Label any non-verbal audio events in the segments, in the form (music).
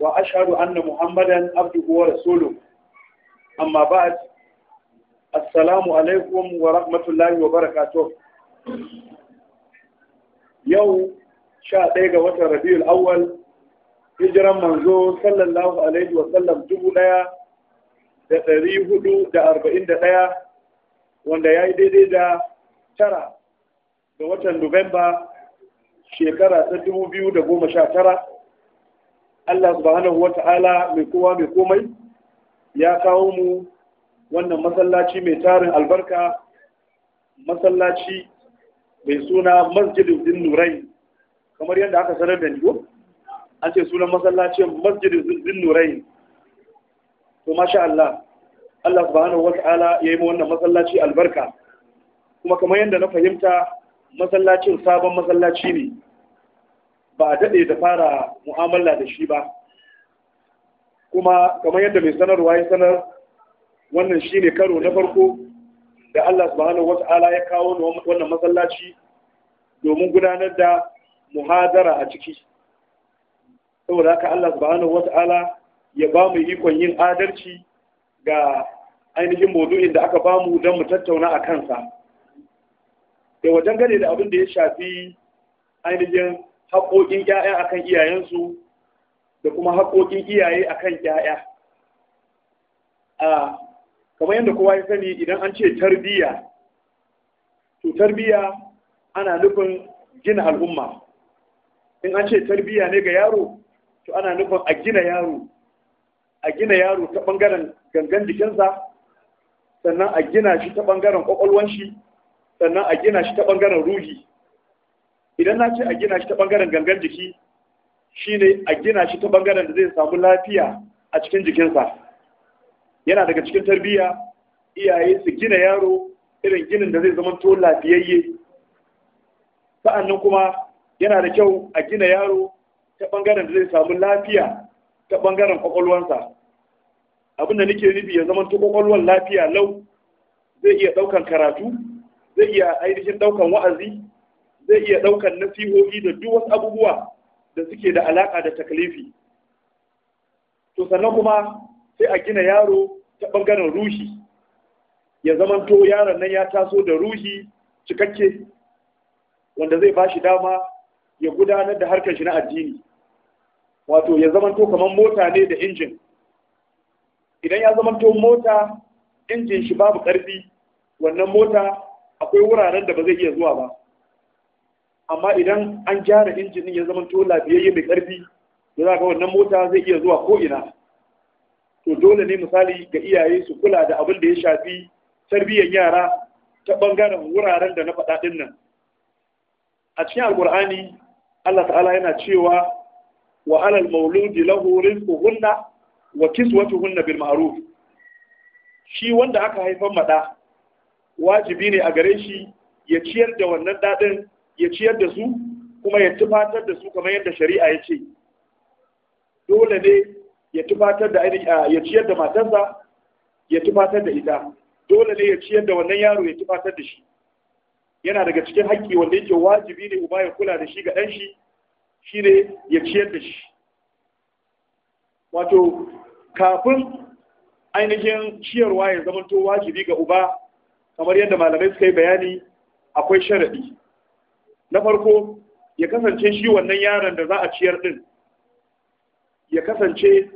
wa Muhammadan أن محمدا Rasuluhu. Amma أما assalamu alaikum wa rahmatullahi wa barakato. Yau, sha ɗaya ga watan rabiul awwal hijiran manzo sallallahu alaihi wasallam dubu ɗaya da ɗari hudu da arba'in da ɗaya wanda ya yi daidai da tara ga watan nuwamba shekara ta dubu biyu da goma sha tara Allah subhanahu wa ta'ala mai kowa mai komai ya kawo mu wannan masallaci mai tarin albarka masallaci mai suna masjidin din nurai kamar yadda aka sanar da niyo an ce sunan masallacin masjidin din nurai to masha Allah Allah subhanahu wa ta'ala ya yi wannan masallaci albarka kuma kamar yadda na fahimta masallacin sabon masallaci ne ba a daɗe da fara mu'amala da shi ba kuma kamar yadda mai sanarwa ya sanar wannan shi ne karo na farko da Allah subhanahu wata'ala ya kawo wannan masallaci domin gudanar da muhadara a ciki saboda haka Allah subhanahu ya ba mu ikon yin adalci ga ainihin maudu'in da aka ba mu don mu tattauna a kansa da wajen gane da abin da ya shafi ainihin haƙoƙin 'ya'ya akan iyayensu da kuma haƙoƙin iyaye akan kan a kamar yadda kowa ya sani idan an ce tarbiyya to tarbiyya ana nufin gina al'umma in an ce tarbiyya ne ga yaro to ana nufin a gina yaro a gina yaro ta ɓangaren gangan jikinsa sannan a gina shi ta ɓangaren ƙwaƙwalwan sannan a gina shi ta ɓangaren ruhi idan na ce a gina shi ta bangaren gangan jiki shi ne a gina shi ta bangaren da zai samu lafiya a cikin jikinsa yana daga cikin tarbiyya iyaye su gina yaro irin ginin da zai zama to lafiyayye sa'annan kuma yana da kyau a gina yaro ta bangaren da zai samu lafiya ta bangaren kwakwalwansa abin da nake nufi ya zama to kwakwalwan lafiya lau zai iya ɗaukan karatu zai iya ainihin ɗaukan wa'azi zai iya ɗaukar nasihohi da duk wasu abubuwa da suke da alaƙa da takalifi to sannan kuma sai a gina yaro ta ɓangaren ruhi ya to yaron nan ya taso da ruhi cikakke wanda zai ba shi dama ya gudanar da harkar shi na addini wato ya to kamar mota ne da injin idan ya zamanto mota injin shi babu ƙarfi wannan mota akwai wuraren da ba zai iya zuwa ba amma idan an gyara injinin ya zama to lafiyayye mai ƙarfi, da za ka wannan mota zai iya zuwa ko'ina. ina to dole ne misali ga iyaye su kula da abin da ya shafi tarbiyyar yara ta ɓangaren wuraren da na faɗa ɗin nan a cikin alkur'ani Allah ta'ala yana cewa wa alal mauludi lahu rizquhunna wa kiswatuhunna bil ma'ruf shi wanda aka haifar maɗa. wajibi ne a gare shi ya ciyar da wannan dadin ya ciyar da su kuma ya tufatar da su kamar yadda shari'a ya ce dole ne ya tufatar da ya ciyar da matarsa ya tufatar da ita dole ne ya ciyar da wannan yaro ya tufatar da shi yana daga cikin haƙƙi wanda yake wajibi ne uba ya kula da shi ga ɗan shi shine ya ciyar da shi wato kafin ainihin ciyarwa ya zamanto wajibi ga uba kamar yadda malamai suka yi bayani akwai sharaɗi na farko ya kasance shi wannan yaron da za a ciyar din ya kasance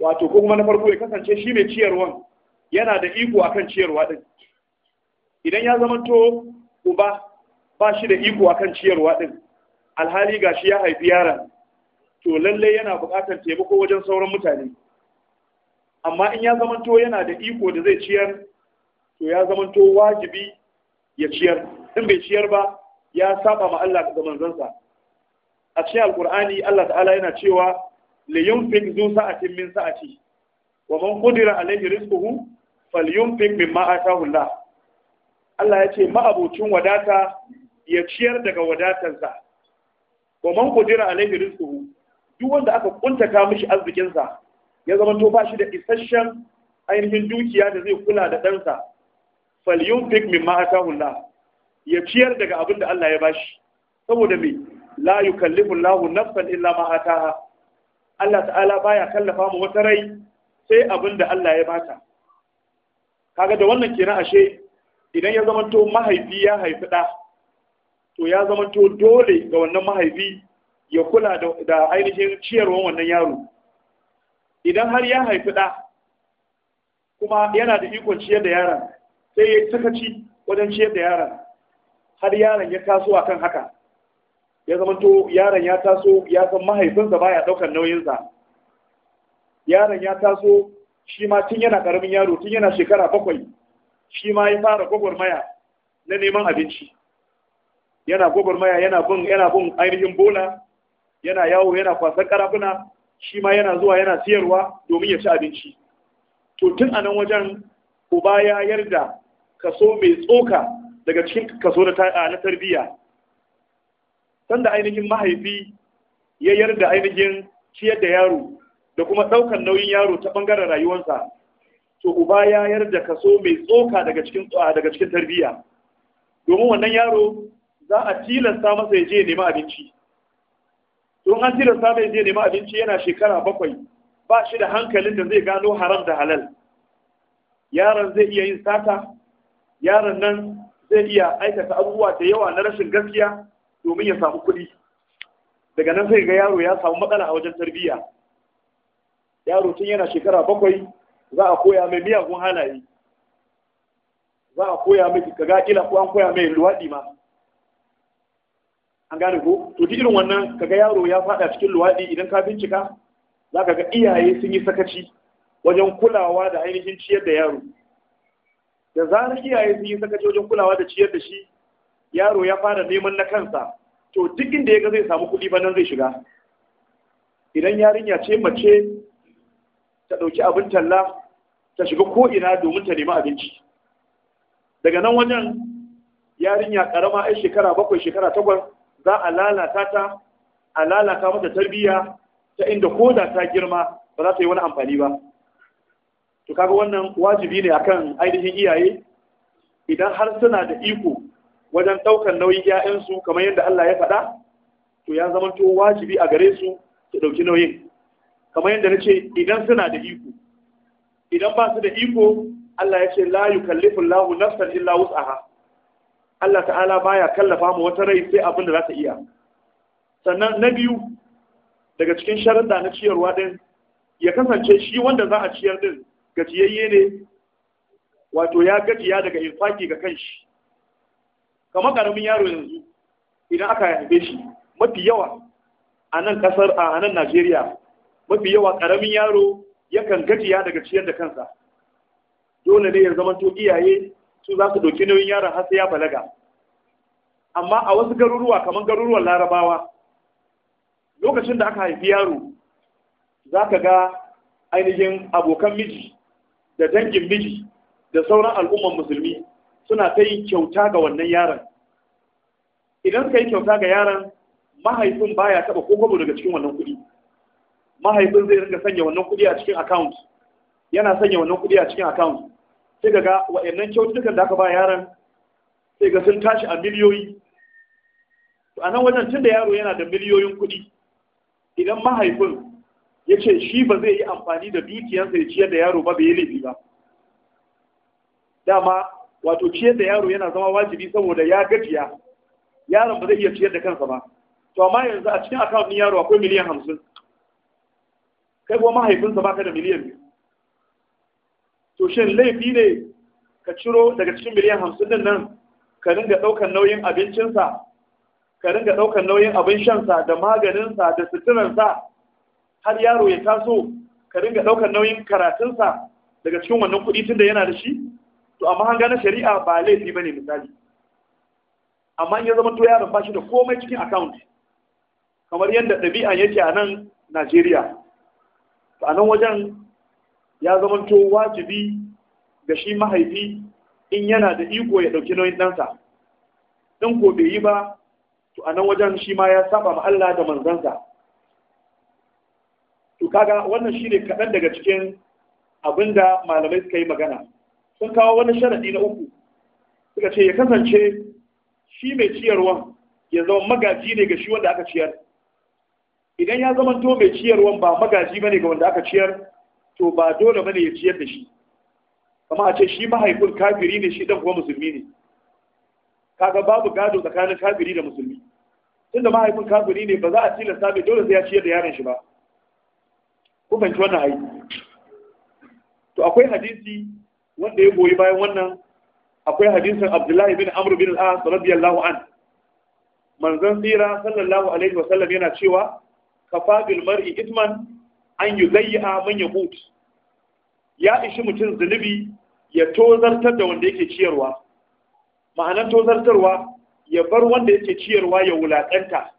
wato kuma na farko ya kasance shi mai ciyarwan yana da iko akan ciyarwa din idan ya zamanto uba ba shi da iko akan ciyarwa din alhali gashi ya haifi yaron to lalle yana buƙatar taimako wajen sauran mutane amma in ya zamanto yana da iko da zai ciyar to ya zamanto wajibi ya ciyar in bai ciyar ba ya saba ma Allah da manzansa a cikin alkur'ani Allah ta'ala yana cewa li yunfiq zu sa'atin min sa'ati wa man qudira alayhi rizquhu falyunfiq mimma ataahu Allah Allah ya ce ma'abocin wadata ya ciyar daga wadatarsa wa man qudira alayhi rizquhu duk wanda aka kuntata mishi arzikin sa ya zama to bashi da isasshen ainihin dukiya da zai kula da ɗansa falyunfiq mimma ataahu Allah ya ciyar daga abin da Allah ya bashi saboda me la yukallifu Allahu nafsan illa ma ataha Allah ta'ala baya kallafa mu wata rai sai abin da Allah ya bata kaga da wannan kenan ashe idan ya zamanto mahaifi ya haifi da to ya zamanto dole ga wannan mahaifi ya kula da ainihin ciyarwan wannan yaro idan har ya haifi da kuma yana da ikon ciyar da yaran sai ya sakaci wajen ciyar da yaran har yaron ya taso a kan haka ya zama to yaron ya taso ya san mahaifinsa baya daukar nauyinsa yaron ya taso shi ma tun yana karamin yaro tun yana shekara bakwai shi ma ya fara gwagwarmaya na neman abinci yana gwagwarmaya yana bin yana bin ainihin bola yana yawo yana kwasan karafuna shi ma yana zuwa yana siyarwa domin ya ci abinci to tun a nan wajen uba ya yarda kaso mai tsoka daga cikin kaso na tarbiyya sanda ainihin mahaifi ya yarda ainihin ciyar da yaro da kuma ɗaukar nauyin yaro ta ɓangaren rayuwarsa to uba ya yarda kaso mai tsoka daga cikin daga cikin tarbiyya domin wannan yaro za a tilasta masa ya je ya nemi abinci don an tilasta mai je nemi abinci yana shekara bakwai ba shi da hankalin da zai gano haram da halal yaron zai iya yin sata yaron nan zai iya aikata abubuwa da yawa na rashin gaskiya domin ya samu kuɗi daga nan sai ga yaro ya samu matsala a wajen tarbiyya yaro tun yana shekara bakwai za a koya mai miyagun halaye za a koya mai ga kila ko an koya mai luwaɗi ma an gane ko to duk irin wannan kaga yaro ya faɗa cikin luwaɗi idan ka bincika za ka ga iyaye sun yi sakaci wajen kulawa da ainihin ciyar da yaro da zarar iyaye sun yi sakaci wajen kulawa da ciyar da shi yaro ya fara neman na kansa to duk inda ya ga zai samu kuɗi ba nan zai shiga idan yarinya ce mace ta ɗauki abin talla ta shiga ko'ina domin ta nemi abinci daga nan wajen yarinya karama ai shekara bakwai shekara takwas za a lalata ta a lalata mata tarbiyya ta inda ko da ta girma ba za ta yi wani amfani ba to kaga wannan wajibi ne akan ainihin iyaye idan har suna da iko wajen ɗaukar nauyin 'ya'yansu kamar yadda Allah ya faɗa to ya zama to wajibi a gare su su ɗauki nauyin kamar yadda na idan suna da iko idan ba su da iko Allah ya ce la yukallifu Allahu nafsan illa wus'aha Allah ta'ala baya kallafa mu wata rai sai abin da za ta iya sannan na biyu daga cikin sharuɗa na ciyarwa din ya kasance shi wanda za a ciyar din gajiyayye ne wato ya gajiya daga infaki ga kanshi kamar karamin yaro yanzu idan aka haife shi mafi yawa a nan kasar a nan Najeriya mafi yawa karamin yaro yakan gajiya daga ciyar da kansa dole ne ya zama to iyaye su za su ɗauki nauyin yaron har sai ya balaga amma a wasu garuruwa kamar garuruwan larabawa lokacin da aka haifi yaro za ka ga ainihin abokan miji da dangin miji da sauran al'umman musulmi suna ta yi kyauta ga wannan yaron idan suka yi kyauta ga yaron mahaifin baya taba ko kwabo daga cikin wannan kuɗi mahaifin zai rinka sanya wannan kuɗi a cikin account yana sanya wannan kuɗi a cikin account sai ga ga wa'annan kyautukan da aka ba yaron sai ga sun tashi a miliyoyi a nan wajen tunda yaro yana da miliyoyin kuɗi idan mahaifin ya ce shi ba zai yi amfani da dukiyansa ya ciyar da yaro ba bai yi laifi ba dama wato ciyar da yaro yana zama wajibi saboda ya gajiya yaron ba zai iya ciyar da kansa ba to amma yanzu a cikin akawun ni yaro akwai miliyan hamsin kai kuma mahaifinsa ba ka da miliyan biyu to shin laifi ne ka ciro daga cikin miliyan hamsin din nan ka ringa ɗaukar nauyin abincinsa ka ringa ɗaukar nauyin abin shansa da maganinsa da suturansa har yaro ya taso ka ringa ɗaukar nauyin karatunsa daga cikin wannan kuɗi tun da yana da shi to amma hanga na shari'a ba laifi ba ne misali amma in ya zama to yaron ba shi da komai cikin account kamar yadda ɗabi'a yake a nan najeriya a nan wajen ya zama to wajibi ga shi mahaifi in yana da iko ya ɗauki nauyin ɗansa in ko bai yi ba to a nan wajen shi ma ya saba ma Allah da manzansa kaga wannan shine kaɗan daga cikin abinda malamai suka yi magana sun kawo wani sharadi na uku suka ce ya kasance shi mai ciyarwan ya zama magaji ne ga shi wanda aka ciyar idan ya zama to mai ciyarwan ba magaji bane ga wanda aka ciyar to ba dole bane ya ciyar da shi kama a ce shi mahaifin kafiri ne shi dan kuma musulmi ne kaga babu gado tsakanin kafiri da musulmi tunda mahaifin kafiri ne ba za a tilasta mai dole sai ya ciyar da yaron shi ba ko fahimci wannan aiki. to akwai hadisi wanda ya goyi bayan wannan akwai hadisin Abdullahi bin Amr bin Al-As radiyallahu an manzon tsira sallallahu alaihi wa sallam yana cewa kafa bil mar'i itman an yuzayya man yaqut ya ishi mutum zunubi ya tozartar da wanda yake ciyarwa ma'anar tozartarwa ya bar wanda yake ciyarwa ya wulakanta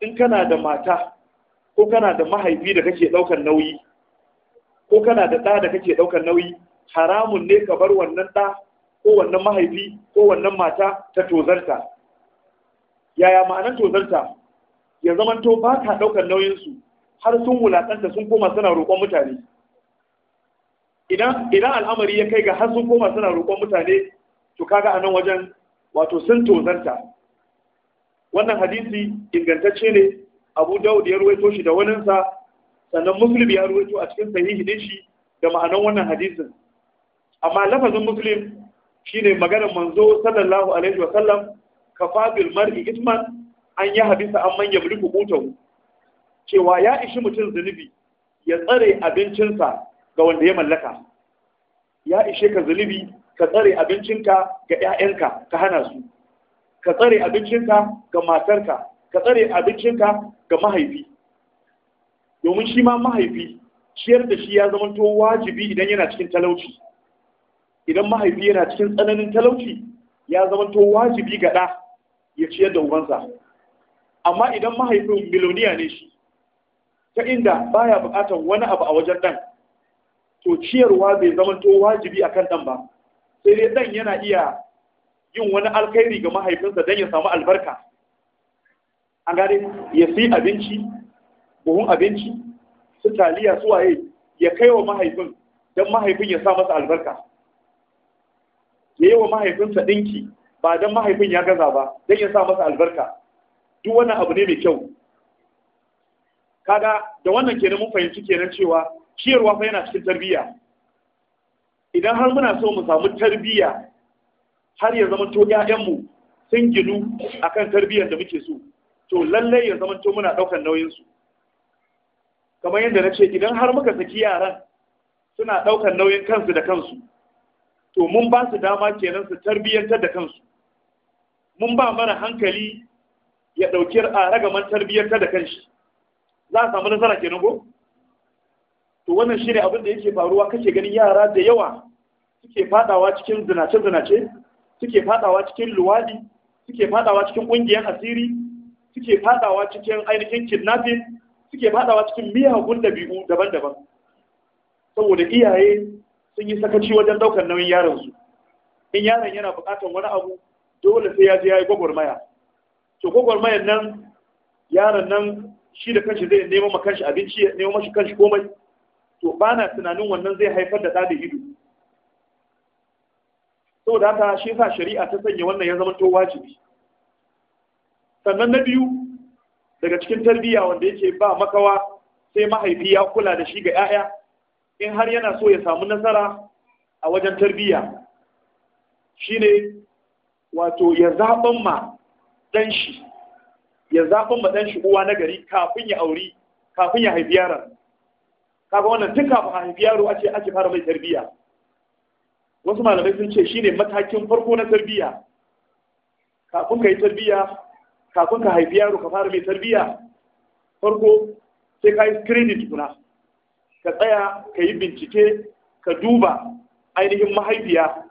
in kana da mata ko kana da mahaifi da kake ɗaukar nauyi ko kana da ɗa da kake ɗaukar nauyi haramun ne ka bar wannan ɗa ko wannan mahaifi ko wannan mata ta tozarta yaya ma'anar tozarta ya to ba ka ɗaukar nauyinsu har sun wulaƙanta sun koma suna roƙon mutane idan al'amari ya kai ga har sun koma suna roƙon mutane to kaga a nan wajen wato sun tozarta wannan hadisi ingantacce ne abu daud ya ruwaito shi da waninsa sannan muslim ya ruwaito a cikin sahihi din shi da ma'anar wannan hadisin amma lafazin muslim shine maganar manzo sallallahu alaihi wa sallam kafabil mar'i isman an yi hadisa an manya mulku kutahu cewa ya ishi mutum zunubi ya tsare abincinsa ga wanda ya mallaka ya ishe ka zunubi ka tsare abincinka ga 'ya'yanka ka hana su ka tsare abincinka ga matarka ka tsare abincinka ga mahaifi domin shi ma mahaifi ciyar da shi ya zamanto wajibi idan yana cikin talauci idan mahaifi yana cikin tsananin talauci ya zamanto wajibi ga ɗa ya ciyar da ubansa amma idan mahaifin miloniya ne shi ta inda baya buƙatar wani abu a wajen ɗan to ciyarwa bai zamanto wajibi kan ɗan ba sai dai ɗan yana iya yin wani alkhairi ga mahaifinsa don ya samu albarka an gane ya fi abinci buhun abinci su taliya su waye ya kai wa mahaifin don mahaifin ya sa masa albarka ya yi wa mahaifinsa ɗinki ba don mahaifin ya gaza ba don ya sa masa albarka duk wannan abu ne mai kyau kaga da wannan kenan mun fahimci kenan cewa ciyarwa fa yana cikin tarbiyya idan har muna so mu samu tarbiyya har ya zama to ƴaƴanmu sun ginu akan tarbiyyar da muke so to lallai ya zama to muna ɗaukar nauyinsu kamar yadda na ce idan har muka saki yaran suna ɗaukar nauyin kansu da kansu to mun ba su dama kenan su tarbiyyantar da kansu mun ba mana hankali ya ɗauki a ragaman tarbiyyantar da kanshi za a samu nasara kenan ko to wannan shine abin da yake faruwa kake ganin yara da yawa suke fadawa cikin zinace-zinace suke fadawa cikin luwadi suke fadawa cikin ƙungiyar asiri suke fadawa cikin ainihin kidnapping suke fadawa cikin miyagun dabi'u daban-daban saboda iyaye sun yi sakaci wajen daukar nauyin yaron su in yaron yana bukatar wani abu dole sai ya je ya yi gwagwarmaya to gwagwarmayan nan yaron nan shi da kanshi zai nemo ma kanshi abinci ya nemo mashi kanshi komai to ba tunanin wannan zai haifar da ɗa da ido saboda haka shi sa shari'a ta sanya wannan ya zama to wajibi sannan na biyu daga cikin tarbiyya wanda yake ba makawa sai mahaifi ya kula da shi ga 'ya'ya in har yana so ya samu nasara a wajen tarbiyya Shi ne wato ya zaɓin ma ɗan shi ya zaɓin ma ɗan shi uwa na gari kafin ya auri kafin ya haifi yaron kaga wannan tun kafin a haifi yaro a ake fara mai tarbiyya wasu malamai sun ce shine matakin farko na tarbiyya kafin ka yi tarbiyya kafin ka haifi yaro ka fara mai tarbiyya farko sai ka yi screening tukuna ka tsaya ka yi bincike ka duba ainihin mahaifiya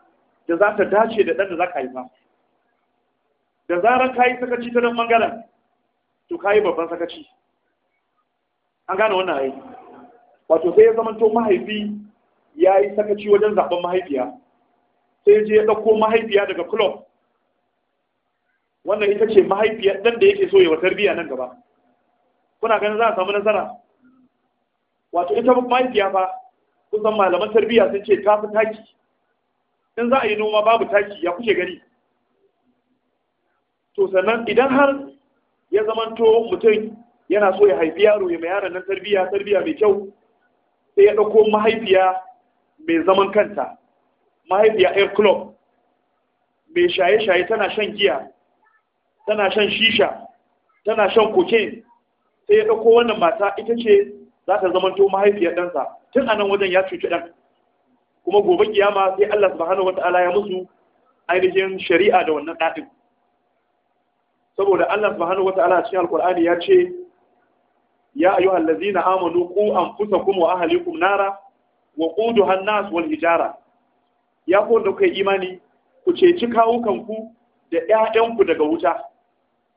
da za ta dace da ɗan da za ka haifa da zarar ka yi sakaci ta nan bangaren to ka yi babban sakaci an gane wannan ai wato sai ya zamanto mahaifi ya yi sakaci wajen zaben mahaifiya sai ya je ya ɗauko mahaifiya daga club wannan ita ce mahaifiyar ɗan da yake so ya wa tarbiyya nan gaba kuna ganin za a samu nasara wato ita mahaifiya fa kusan malaman tarbiyya sun ce ta fi taki in za a yi noma babu taki ya kuke gani to sannan idan har ya zamanto mutum yana so ya haifi yaro ya mai yaron nan tarbiyya tarbiya mai kyau sai ya ɗauko mahaifiya mai zaman kanta mahaifiya air club mai shaye-shaye tana shan giya tana shan shisha tana shan cocaine sai ya ɗauko wannan mata ita ce za ta zamanto mahaifiyar ɗansa tun a nan wajen ya cuci ɗan kuma gobe kiyama sai Allah subhanahu wata'ala ya musu ainihin shari'a da wannan ɗaɗin saboda Allah subhanahu wata'ala cikin alkur'ani ya ce ya ayu allazina amanu qu anfusakum wa ahlikum nara wa quduha an-nas wal hijara ya ko da kai imani ku ce kawukan ku da 'ya'yanku daga wuta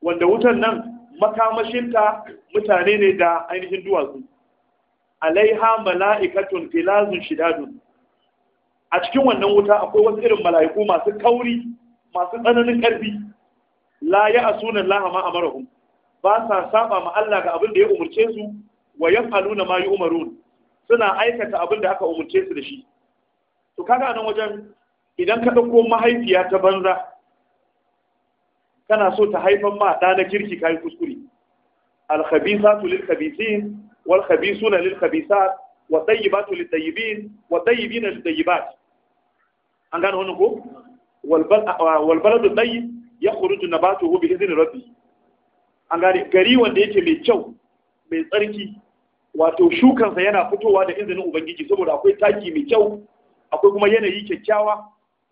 wanda wutan nan makamashinta mutane ne da ainihin duwatsu alaiha mala'ikatun filazun shidadun a cikin wannan wuta akwai wasu irin mala'iku masu kauri masu tsananin ƙarfi la ya asunan lahama a marahun ba sa saba ma Allah ga abin da ya umarce su wa yaf'aluna ma yu'marun suna aikata abin da aka umarce su da shi to kaga nan wajen idan ka dauko mahaifiya ta banza kana so ta haifan ma ɗa na kirki kayi kuskure tu lil khabisin wal khabisuna lil khabisat wa tayyibatu lit tayyibin wa tayyibina lit tayyibat an gane wannan ko wal bal ah, wal baladu tayyib yakhruju nabatuhu bi idhni rabbi an gane gari wanda yake mai kyau mai tsarki wato shukansa yana fitowa da izinin ubangiji saboda akwai taki mai kyau akwai kuma yanayi kyakkyawa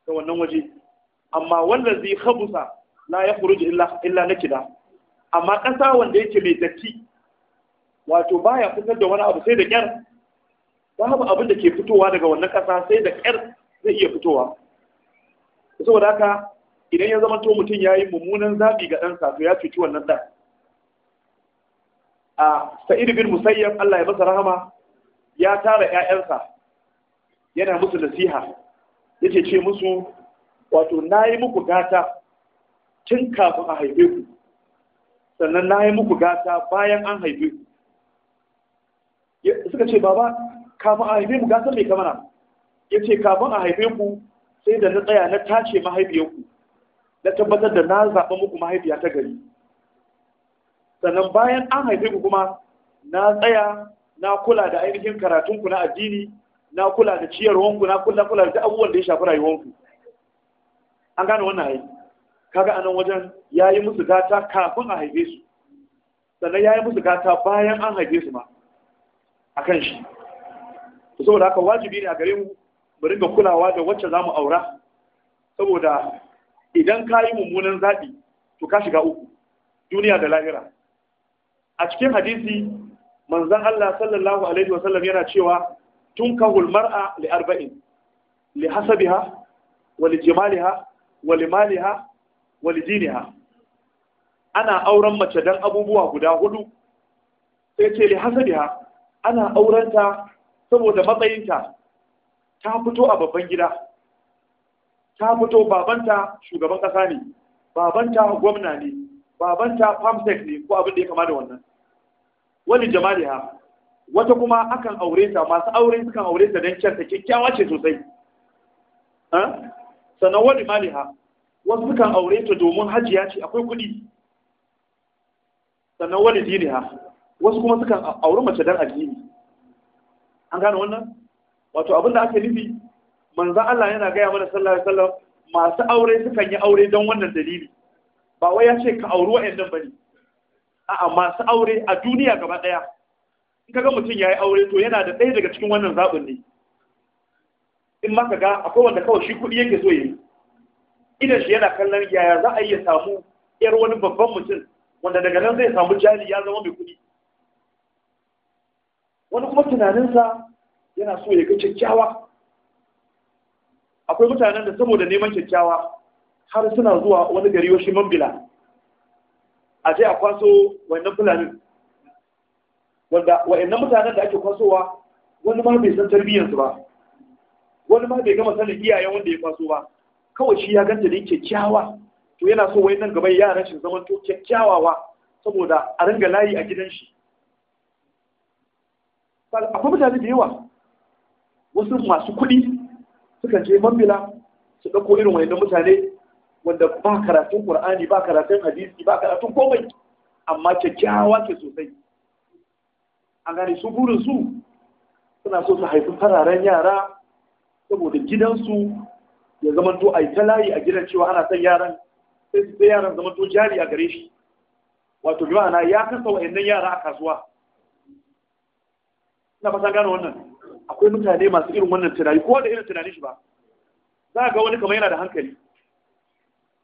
ga wannan waje amma wanda zai khabusa la ya kuruji illa na kida amma ƙasa wanda yake mai datti wato baya fitar da wani abu sai da ƙyar babu abin da ke fitowa daga wannan ƙasa sai da ƙyar zai iya fitowa saboda haka idan ya zama to mutum ya yi mummunan zaɓi ga ɗansa to ya cuci wannan ɗan a sa'id bin musayyab Allah ya masa rahama ya tara 'ya'yansa, yana musu nasiha yake ce musu wato na yi muku gata tun kafin a haife ku sannan na yi muku gata bayan an haife ku suka ce baba kafin a haife mu gata mai kamana ya ce kafin a haife ku sai da na tsaya na tace mahaifiyarku na tabbatar da na zaɓa muku mahaifiya ta gari sannan bayan an haife ku kuma na tsaya na kula da ainihin karatunku na addini na kula da ciyarwanku na kula kula da abubuwan da ya shafi rayuwanku an gane wannan aiki. kaga anan wajen ya yi musu gata kafin a haife su sannan ya yi musu gata bayan an haife su ma a kan shi saboda haka wajibi ne a gare mu mu ringa kulawa da wacce za mu aura saboda idan ka yi mummunan zaɓi to ka shiga uku duniya da lahira a cikin hadisi manzon Allah sallallahu alaihi Wasallam yana cewa tun hulmar mar'a li arba'in li hasabiha wa li jimaliha wa li maliha walijiniha ana auren mace dan abubuwa guda hudu sai ce li hasabiha ana aurenta saboda matsayinta ta fito a babban gida ta fito babanta shugaban kasa ne babanta gwamna ne babanta famsec ne ko abin da ya kama da wannan wani jamaliha wata kuma akan aure ta masu aure sukan aure ta don kyanta kyakkyawa ce sosai sannan wani maliha wasu kan aure ta domin hajiya ce akwai kuɗi sannan wani dini ha wasu kuma sukan aure mace dan addini an gane wannan wato abin da ake nufi manzan Allah yana gaya mana sallallahu alaihi wasallam masu aure sukan yi aure don wannan dalili ba wai ya ce ka auri wa'annan bane a'a masu aure a duniya gaba daya in kaga mutum yi aure to yana da ɗaya daga cikin wannan zaɓin ne in ma ka ga akwai wanda kawai shi kuɗi yake so yi. idan shi yana kallon yaya za a iya samu yar wani babban mutum wanda daga nan zai samu jari ya zama mai kuɗi wani kuma tunaninsa yana so ya ga kyakkyawa akwai mutanen da saboda neman kyakkyawa har suna zuwa wani gari wasu mambila a je a kwaso wannan fulanin wanda wa'annan mutanen da ake kwasowa wani ma bai san tarbiyyarsu ba wani ma bai gama sanin iyayen wanda ya kwaso ba kawai shi ya ganta da kyakkyawa to yana so wai nan gaba yaran shi zaman to kyakkyawawa saboda a ringa layi a gidan shi akwai mutane da yawa wasu masu kuɗi sukan je mambila su ɗauko irin wani mutane wanda ba karatun Kur'ani, ba karatun hadisi ba karatun komai amma kyakkyawa ke sosai an gane su burin su suna so su haifi fararen yara saboda gidansu ya zama to a ta layi a gidan cewa ana son yaran sai yaran zama to jari a gare shi wato bi ma'ana ya kasa wa'annan yara a kasuwa ina fasa gane wannan akwai mutane masu irin wannan tunani ko da irin tunanin shi ba za ga wani kamar yana da hankali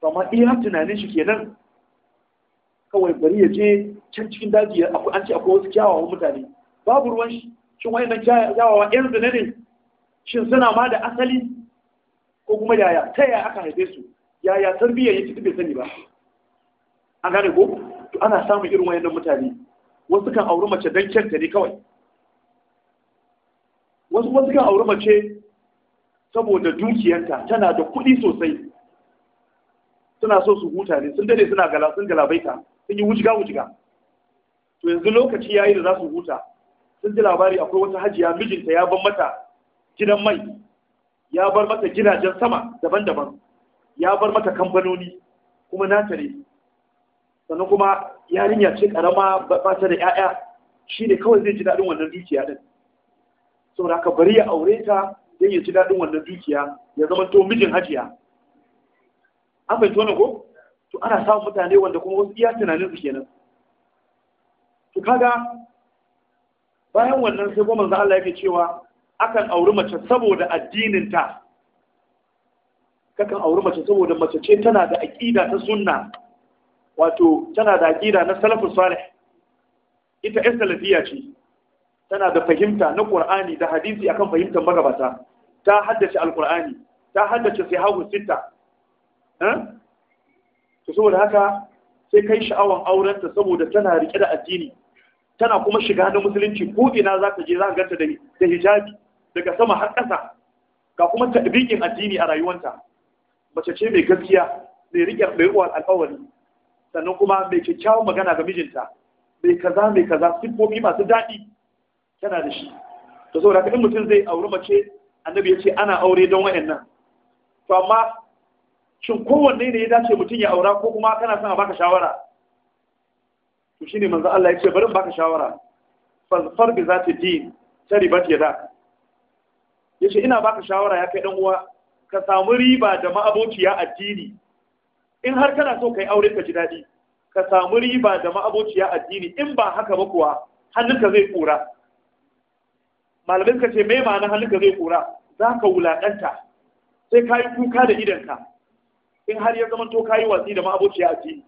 to amma iya tunanin shi kenan kawai bari ya je can cikin daji an ce akwai wasu kyawawan mutane babu ruwan shi shin wa'annan kyawawan yan zina ne shin suna ma da asali ko kuma yaya ta yaya aka haife su yaya biya ya ci bai sani ba an gane ko to ana samun irin wayannan mutane wasu kan auri mace dan kyanta ne kawai wasu wasu kan auri mace saboda dukiyanta tana da kuɗi sosai suna so su huta ne sun dade suna gala sun galabaita sun yi wujiga wujiga to yanzu lokaci yayi da za su huta sun ji labari akwai wata hajiya mijinta ya ban mata gidan mai ya bar mata gidajen sama daban-daban ya bar mata kamfanoni kuma na tare. sannan kuma yarinya ce karama ba ta da 'ya'ya shi ne kawai zai ji daɗin wannan dukiya ɗin saboda aka bari ya aure ta zai ya ji daɗin wannan dukiya ya zama to mijin hajiya an fahimci wannan ko to ana samun mutane wanda kuma wasu iya tunanin su kenan to kaga bayan wannan sai goma za Allah yake cewa akan auri mace saboda addininta kakan auri mace saboda mace ce tana da aƙida ta sunna wato tana da aƙida na salafus salih ita yan salafiya ce tana da fahimta na qur'ani da hadisi akan fahimtar magabata ta haddace alqur'ani ta haddace sahihu sita eh? to saboda haka sai kai sha'awan aurenta saboda tana rike da addini tana kuma shiga da musulunci ko ina za ka je zaka ganta da hijabi daga sama har ƙasa ga kuma tabikin addini a rayuwanta mace ce mai gaskiya mai riƙe mai ruwa alƙawari sannan kuma mai kyakkyawan magana ga mijinta mai kaza mai kaza siffofi masu daɗi tana da shi to saboda haka in mutum zai auri mace annabi ya ce ana aure don wayannan to amma shin kowanne ne ya dace mutum ya aura ko kuma kana son a baka shawara to shine manzo Allah ya ce bari in baka shawara fa farbi zati din taribat da. ce ina baka shawara ya kai dan uwa ka samu riba da ma'abociya addini in har kana so kai aure ka ji daɗi ka samu riba da ma'abociya addini in ba haka ba kuwa hannunka zai kura malamin ka ce me ma'ana hannunka zai kura za ka wulaƙanta sai ka yi kuka da idanka in har ya zama to ka yi watsi da ma'abociya addini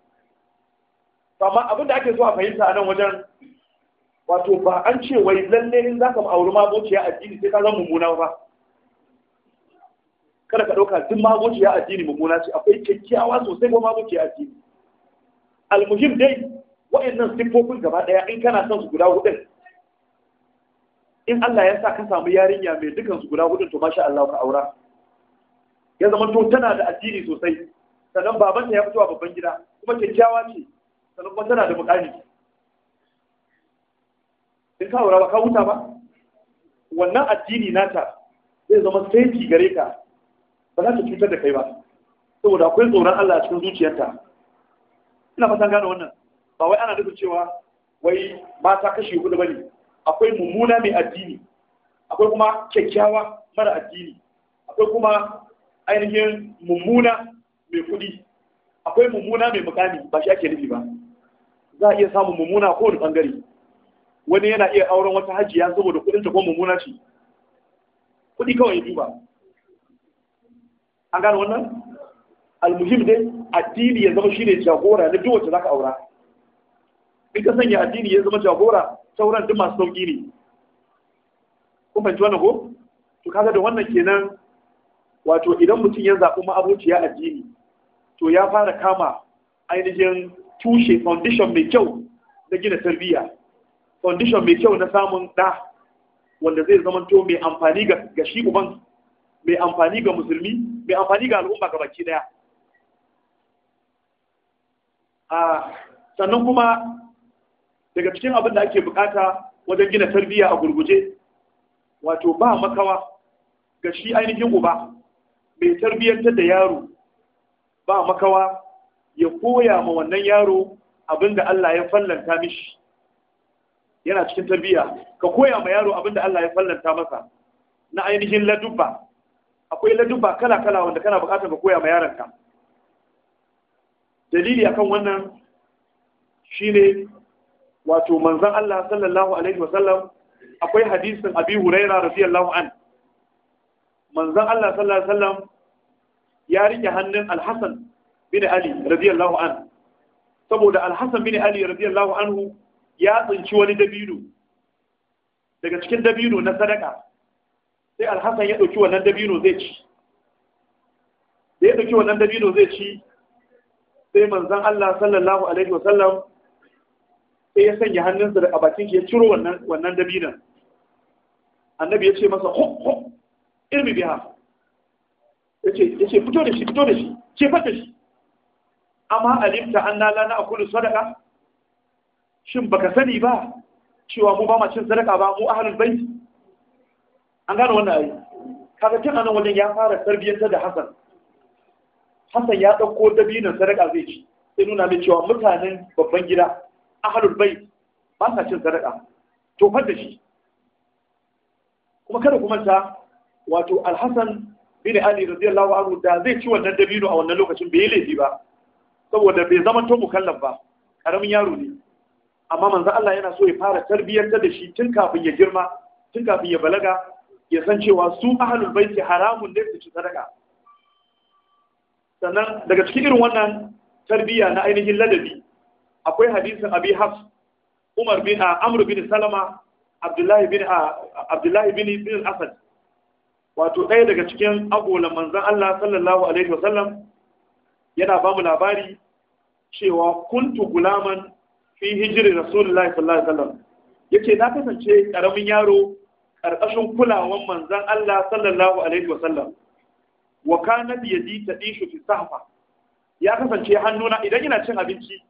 amma abin da ake so a fahimta a nan wajen wato ba an ce wai lalle in za ka auri ma'abociya addini sai ka zama mummuna ba kada ka ɗauka duk ya addini mummuna ce akwai kyakkyawa sosai ko maguciya addini almuhim dai wa'annan siffofin gaba ɗaya in kana son su guda hudun in Allah ya sa ka samu yarinya mai dukan su guda hudun to masha Allah ka aura ya zama to tana da addini sosai sannan babanta ya fito a babban gida kuma kyakkyawa ce sannan kuma tana da mukami in ka aura ba ka huta ba wannan addini nata zai zama saiti gare ka ba za ta cutar da kai ba saboda akwai tsoron Allah cikin zuciyarta ina fatan gane wannan ba wai ana nufin cewa wai mata kashi hudu bane akwai mummuna mai addini akwai kuma kyakkyawa mara addini akwai kuma ainihin mummuna mai kuɗi akwai mummuna mai mukami ba shi ake nufi ba za a iya samun mummuna ko wani bangare wani yana iya auren wata hajiya saboda kuɗin ta ko mummuna ce kuɗi kawai ya duba an gane wannan almuhim dai addini ya zama shine jagora na duwace za ka aura in ka sanya addini ya zama jagora sauran duk masu sauƙi ne kun fahimci wannan ko to kaga da wannan kenan wato idan mutum ya zaɓi ya addini to ya fara kama ainihin tushe foundation mai kyau na gina tarbiyya foundation mai kyau na samun ɗa wanda zai zamanto mai amfani ga shi uban mai amfani ga musulmi mai amfani ga al'umma ga baki daya a sannan kuma daga cikin abin da ake bukata wajen gina tarbiyya a gurguje wato ba makawa ga shi ainihin uba mai tarbiyyantar da yaro ba makawa ya koya ma wannan yaro abin da Allah ya fallanta mishi yana cikin tarbiyya ka koya ma yaro abin da Allah ya fallanta masa na ainihin ladubba akwai ladubba kala-kala wanda kana bukatar ka koya ma yaranka dalili akan wannan shine wato manzon Allah sallallahu alaihi wasallam akwai hadisin Abi Huraira radiyallahu an manzon Allah sallallahu alaihi wasallam ya rike hannun Al-Hasan bin Ali radiyallahu an saboda Al-Hasan bin Ali radiyallahu anhu ya tsinci wani dabino daga cikin dabino na sadaka sai alhassan ya ɗauki wannan dabino zai ci da ya ɗauki wannan dabino zai ci sai manzan Allah sallallahu alaihi wa sallam sai ya sanya hannunsa da bakin shi ya ciro wannan wannan dabinon annabi ya ce masa huk huk irmi biha yace yace fito da shi fito da shi ce fata shi amma alimta anna la na'kulu sadaqa shin baka sani ba cewa mu ba ma cin sadaka ba mu ahlul bait an gano wannan ayi kaga tun anan wajen ya fara tarbiyyantar da Hassan Hassan ya dauko dabinin sadaka zai ci sai nuna mai cewa mutanen babban gida ahlul bai, ba sa cin sadaka to da shi kuma kada ku manta wato Al-Hassan bin Ali radiyallahu anhu da zai ci wannan dabino a wannan lokacin bai yi laifi ba saboda bai zama to mukallaf ba karamin yaro ne amma manzo Allah yana so ya fara tarbiyyantar da shi tun kafin ya girma tun kafin ya balaga ya san cewa su ahalul baiti haramun ne su ci sadaka sannan daga cikin irin wannan tarbiyya na ainihin ladabi akwai hadisin abi hafs umar bin amr bin salama abdullahi bin abdullahi bin bin asad wato ɗaya daga cikin agolan manzon Allah sallallahu alaihi wasallam yana ba mu labari cewa kuntu gulaman fi hijri rasulullahi sallallahu alaihi wasallam yake na kasance karamin yaro ƙarƙashin kulawan manzan Allah sallallahu alaihi wa sallam wa ji yadi shi fi sahfa ya kasance hannuna idan ina cin abinci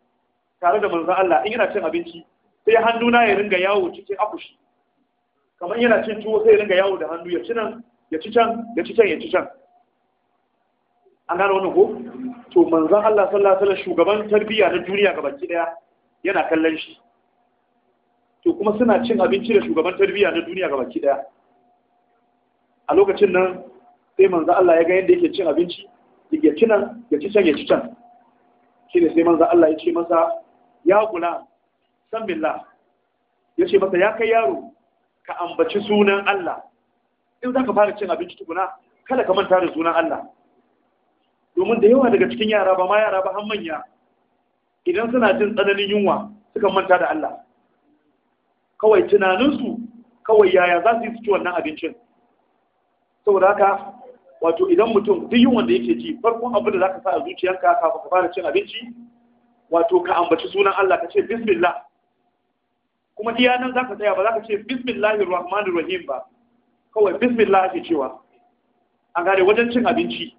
tare da manzan Allah in ina cin abinci sai hannuna ya ringa yawo cikin akushi kamar yana cin tuwo sai ya ringa yawo da hannu ya ci nan ya ci can ya ci can ya ci can an gano wani ko to manzan Allah sallallahu alaihi wa shugaban tarbiyya na duniya gabaki daya yana kallon shi to kuma suna cin abinci da shugaban tarbiyya na duniya ga baki daya a lokacin nan sai manzo Allah ya ga yadda yake cin abinci ya ci nan ya ci can ya ci can shi ne sai manzo Allah ya ce masa ya kula san billah ya ce masa ya kai yaro ka ambaci sunan Allah in zaka fara cin abinci tukuna kada ka manta da sunan Allah domin da yawa daga cikin yara ba ma yara ba har manya idan suna jin tsananin yunwa suka manta da Allah kawai tunaninsu kawai yaya za su yi suke wannan abincin saboda haka wato idan mutum duk yin wanda yake ji farkon abin da za ka sa a zuciyarka kafin ka fara cin abinci wato ka ambaci sunan Allah ka ce bismillah kuma iya nan za ka tsaya ba za ka ce bismillahir rahmanir rahim ba kawai bismillah ake cewa A gare wajen cin abinci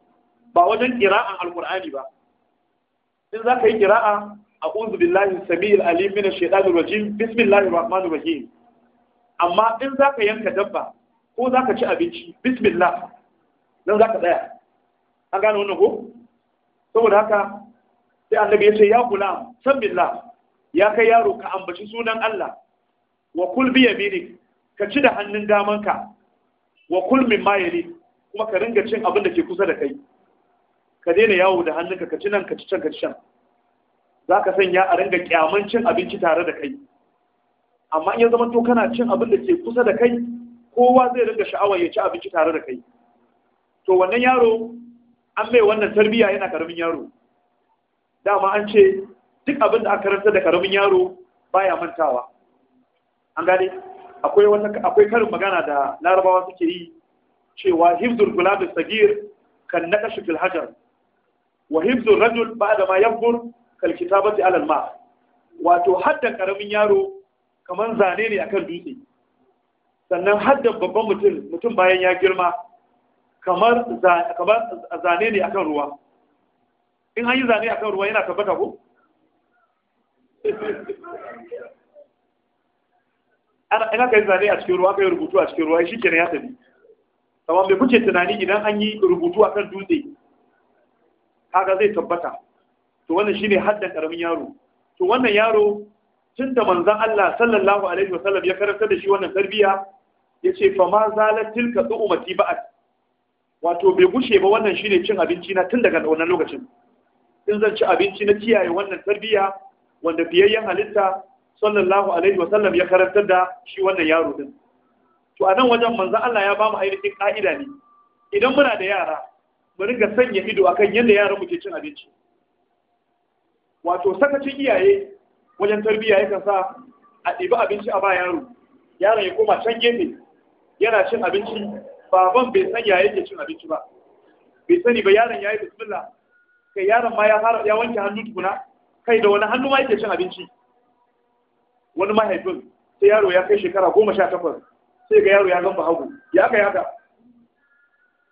ba wajen ƙira'an alƙur'ani ba in za ka yi ƙira'a a'udhu billahi samil alim min ash-shaytanir rajim rahmanir rahim amma in zaka yanka dabba ko zaka ci abinci bismillah nan zaka tsaya an gane wannan ko saboda haka sai annabi ya ce ya gulam san billah ya kai yaro ka ambaci sunan Allah wa kul bi yaminik ka ci da hannun daman ka. kul min ma kuma ka ringa cin abin da ke kusa da kai ka daina yawo da hannunka ka ci nan ka ci can ka ci can za ka sanya a ringa kyaman cin abinci tare da kai amma in ya zama to kana cin abin da ke kusa da kai kowa zai ringa sha'awar ya ci abinci tare da kai to wannan yaro an mai wannan tarbiyya yana karamin yaro dama an ce duk abin da aka karanta da karamin yaro baya mantawa an gane akwai wata akwai karin magana da larabawa suke yi cewa hifzul gulabi sagir kan naqashu fil hajar wa hifzul rajul ba'da ma yanfur kalkitabati alal ma wato haddan karamin yaro kamar zane ne akan dutse sannan haddan babban mutum mutum bayan ya girma kamar zane ne akan ruwa in an yi zane akan ruwa yana tabbata ko ina (laughs) aka yi zane a cikin ruwa ka yi rubutu a cikin ruwa shi kenan ya tafi amma me kuke tunani idan an yi rubutu akan dutse kaga zai tabbata to wannan shi ne haddan karamin yaro to wannan yaro tun da manzan Allah sallallahu alaihi sallam ya karanta da shi wannan tarbiya yace fa ma zalat tilka ummati ba'at wato bai gushe ba wannan shi ne cin abinci na tun daga wannan lokacin in zan ci abinci na kiyaye wannan tarbiya wanda biyayyen halitta sallallahu alaihi sallam ya karanta da shi wannan yaro din to a nan wajen manzan Allah ya ba bamu ainihin ka'ida ne idan muna da yara mu riga sanya ido akan yadda yaran mu ke cin abinci wato sakacin iyaye wajen tarbiyya yakan sa a ɗiba abinci a ba yaro yaron ya koma can gefe yana cin abinci baban bai san ya yake cin abinci ba bai sani ba yaron ya yi bismillah kai yaron ma ya ya wanke hannu tukuna kai da wani hannu ma yake cin abinci wani mahaifin sai yaro ya kai shekara goma sha takwas sai ga yaro ya zamba hagu ya aka yaka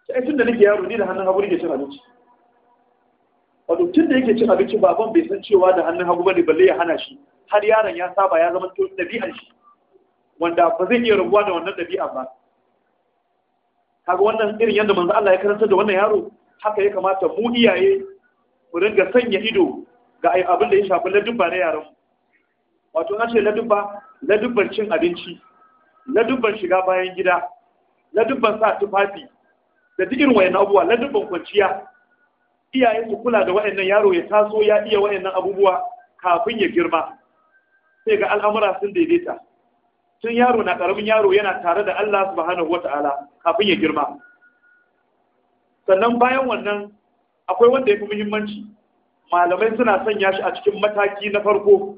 sai tun da nake yaro ni da hannun hagu ke cin abinci wato tun da yake cin abinci baban bai san cewa da hannun hagu bane balle ya hana shi har yaron ya saba ya zama tun dabi'ar shi wanda ba zai iya rabuwa da wannan dabi'a ba kaga wannan irin yadda manzo Allah ya karanta da wannan yaro haka ya kamata mu iyaye mu ringa sanya ido ga ai abin da ya shafi ladubba na yaran wato na ce ladubba ladubban cin abinci ladubban shiga bayan gida ladubban sa tufafi da duk irin wayan abubuwa ladubban kwanciya iyaye su kula da waɗannan yaro ya taso ya iya waɗannan abubuwa kafin ya girma sai ga al'amura sun daidaita tun yaro na ƙaramin yaro yana tare da Allah subhanahu wata'ala kafin ya girma sannan bayan wannan akwai wanda ya fi muhimmanci malamai suna sanya shi a cikin mataki na farko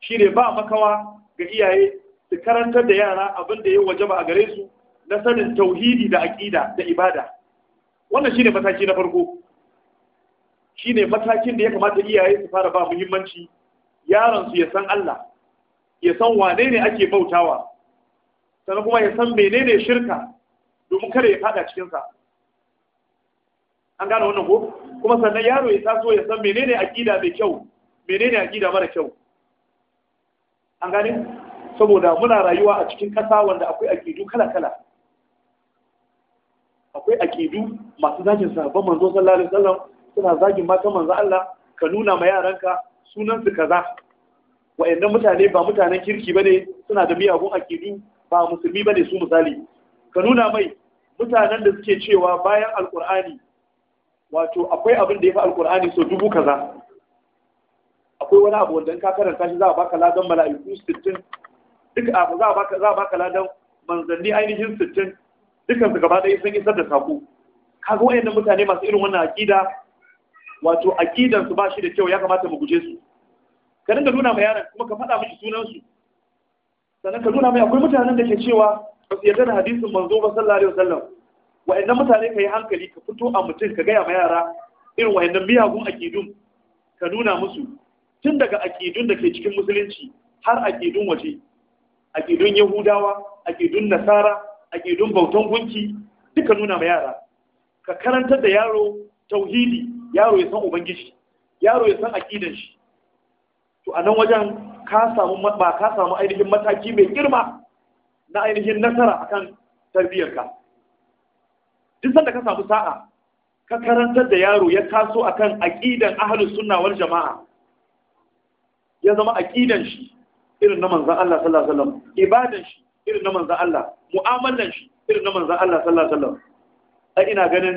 shi ne ba makawa ga iyaye su karantar da yara abin da ya wajaba a gare su na sanin tauhidi da aƙida da ibada wannan shi ne mataki na farko shine matakin da ya kamata iyaye su fara ba muhimmanci yaron su ya san Allah ya san wane ne ake bautawa sannan kuma ya san menene shirka domin kada ya fada cikin sa an gane wannan ko kuma sannan yaro ya taso ya san menene akida mai kyau menene akida mara kyau an gane saboda muna rayuwa a cikin ƙasa wanda akwai akidu kala-kala akwai akidu masu zakin sahabban manzo sallallahu alaihi wasallam suna zagin matan manzo Allah ka nuna ma yaranka sunan su kaza wa'annan mutane ba mutanen kirki bane suna da miyagun akidu ba musulmi bane su misali ka nuna mai mutanen da suke cewa bayan alqur'ani wato akwai abin da ya fi so dubu kaza akwai wani abu wanda in ka karanta shi za a baka ladan mala'iku sittin, duk abu za a baka za a baka ladan manzanni ainihin sittin, dukan su gaba ɗaya sun isar da sako kaga wayannan mutane masu irin wannan aqida wato akidansu su ba shi da kyau ya kamata mu guje su ka dinga nuna ma yaran, kuma ka faɗa miki sunan sannan ka nuna mai akwai mutanen da ke cewa ba su yarda da hadisin manzo ba sallallahu alaihi wasallam wa'annan mutane ka yi hankali ka fito a mutum ka gaya ma yara irin wa'annan miyagun akidun ka nuna musu tun daga akidun da ke cikin musulunci har akidun waje Akidun yahudawa akidun nasara akidun bautan gunki duka nuna ma yara ka karantar da yaro tauhidi yaro ya san ubangiji yaro ya san aqidan shi to a nan wajen ka samu ba ka samu ainihin mataki mai girma na ainihin nasara akan ka. duk sanda ka samu sa'a ka karantar da yaro ya taso akan aqidan ahlus sunna wal jama'a ya zama aqidan shi irin na manzon Allah sallallahu alaihi wasallam ibadan shi irin na manzon Allah mu'amalan shi irin na manzon Allah sallallahu alaihi wasallam ai ina ganin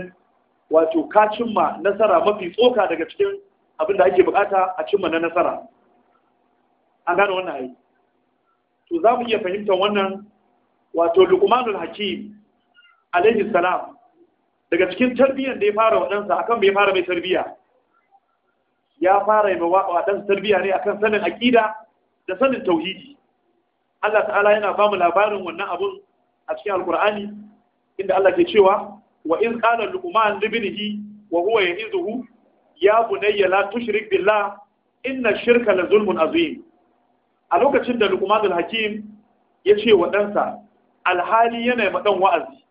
wato ka cimma nasara mafi tsoka daga cikin abin da ake bukata a cimma na nasara an gane wannan ayi to za mu iya fahimtar wannan wato luqmanul hakim alaihi salam daga cikin tarbiyyar da ya fara wa ɗansa, akan bai fara mai tarbiyya ya fara yi waɗansa tarbiyya ne akan sanin aƙida da sanin tauhidi Allah ta'ala yana ba mu labarin wannan abun a cikin alkur'ani inda Allah ke cewa wa in qala luqman libnihi wa huwa ya'izuhu ya bunayya la tushrik billah inna shirka la zulmun azim a lokacin da luqman al-hakim ya ce wa ɗansa alhali yana ma maɗan wa'azi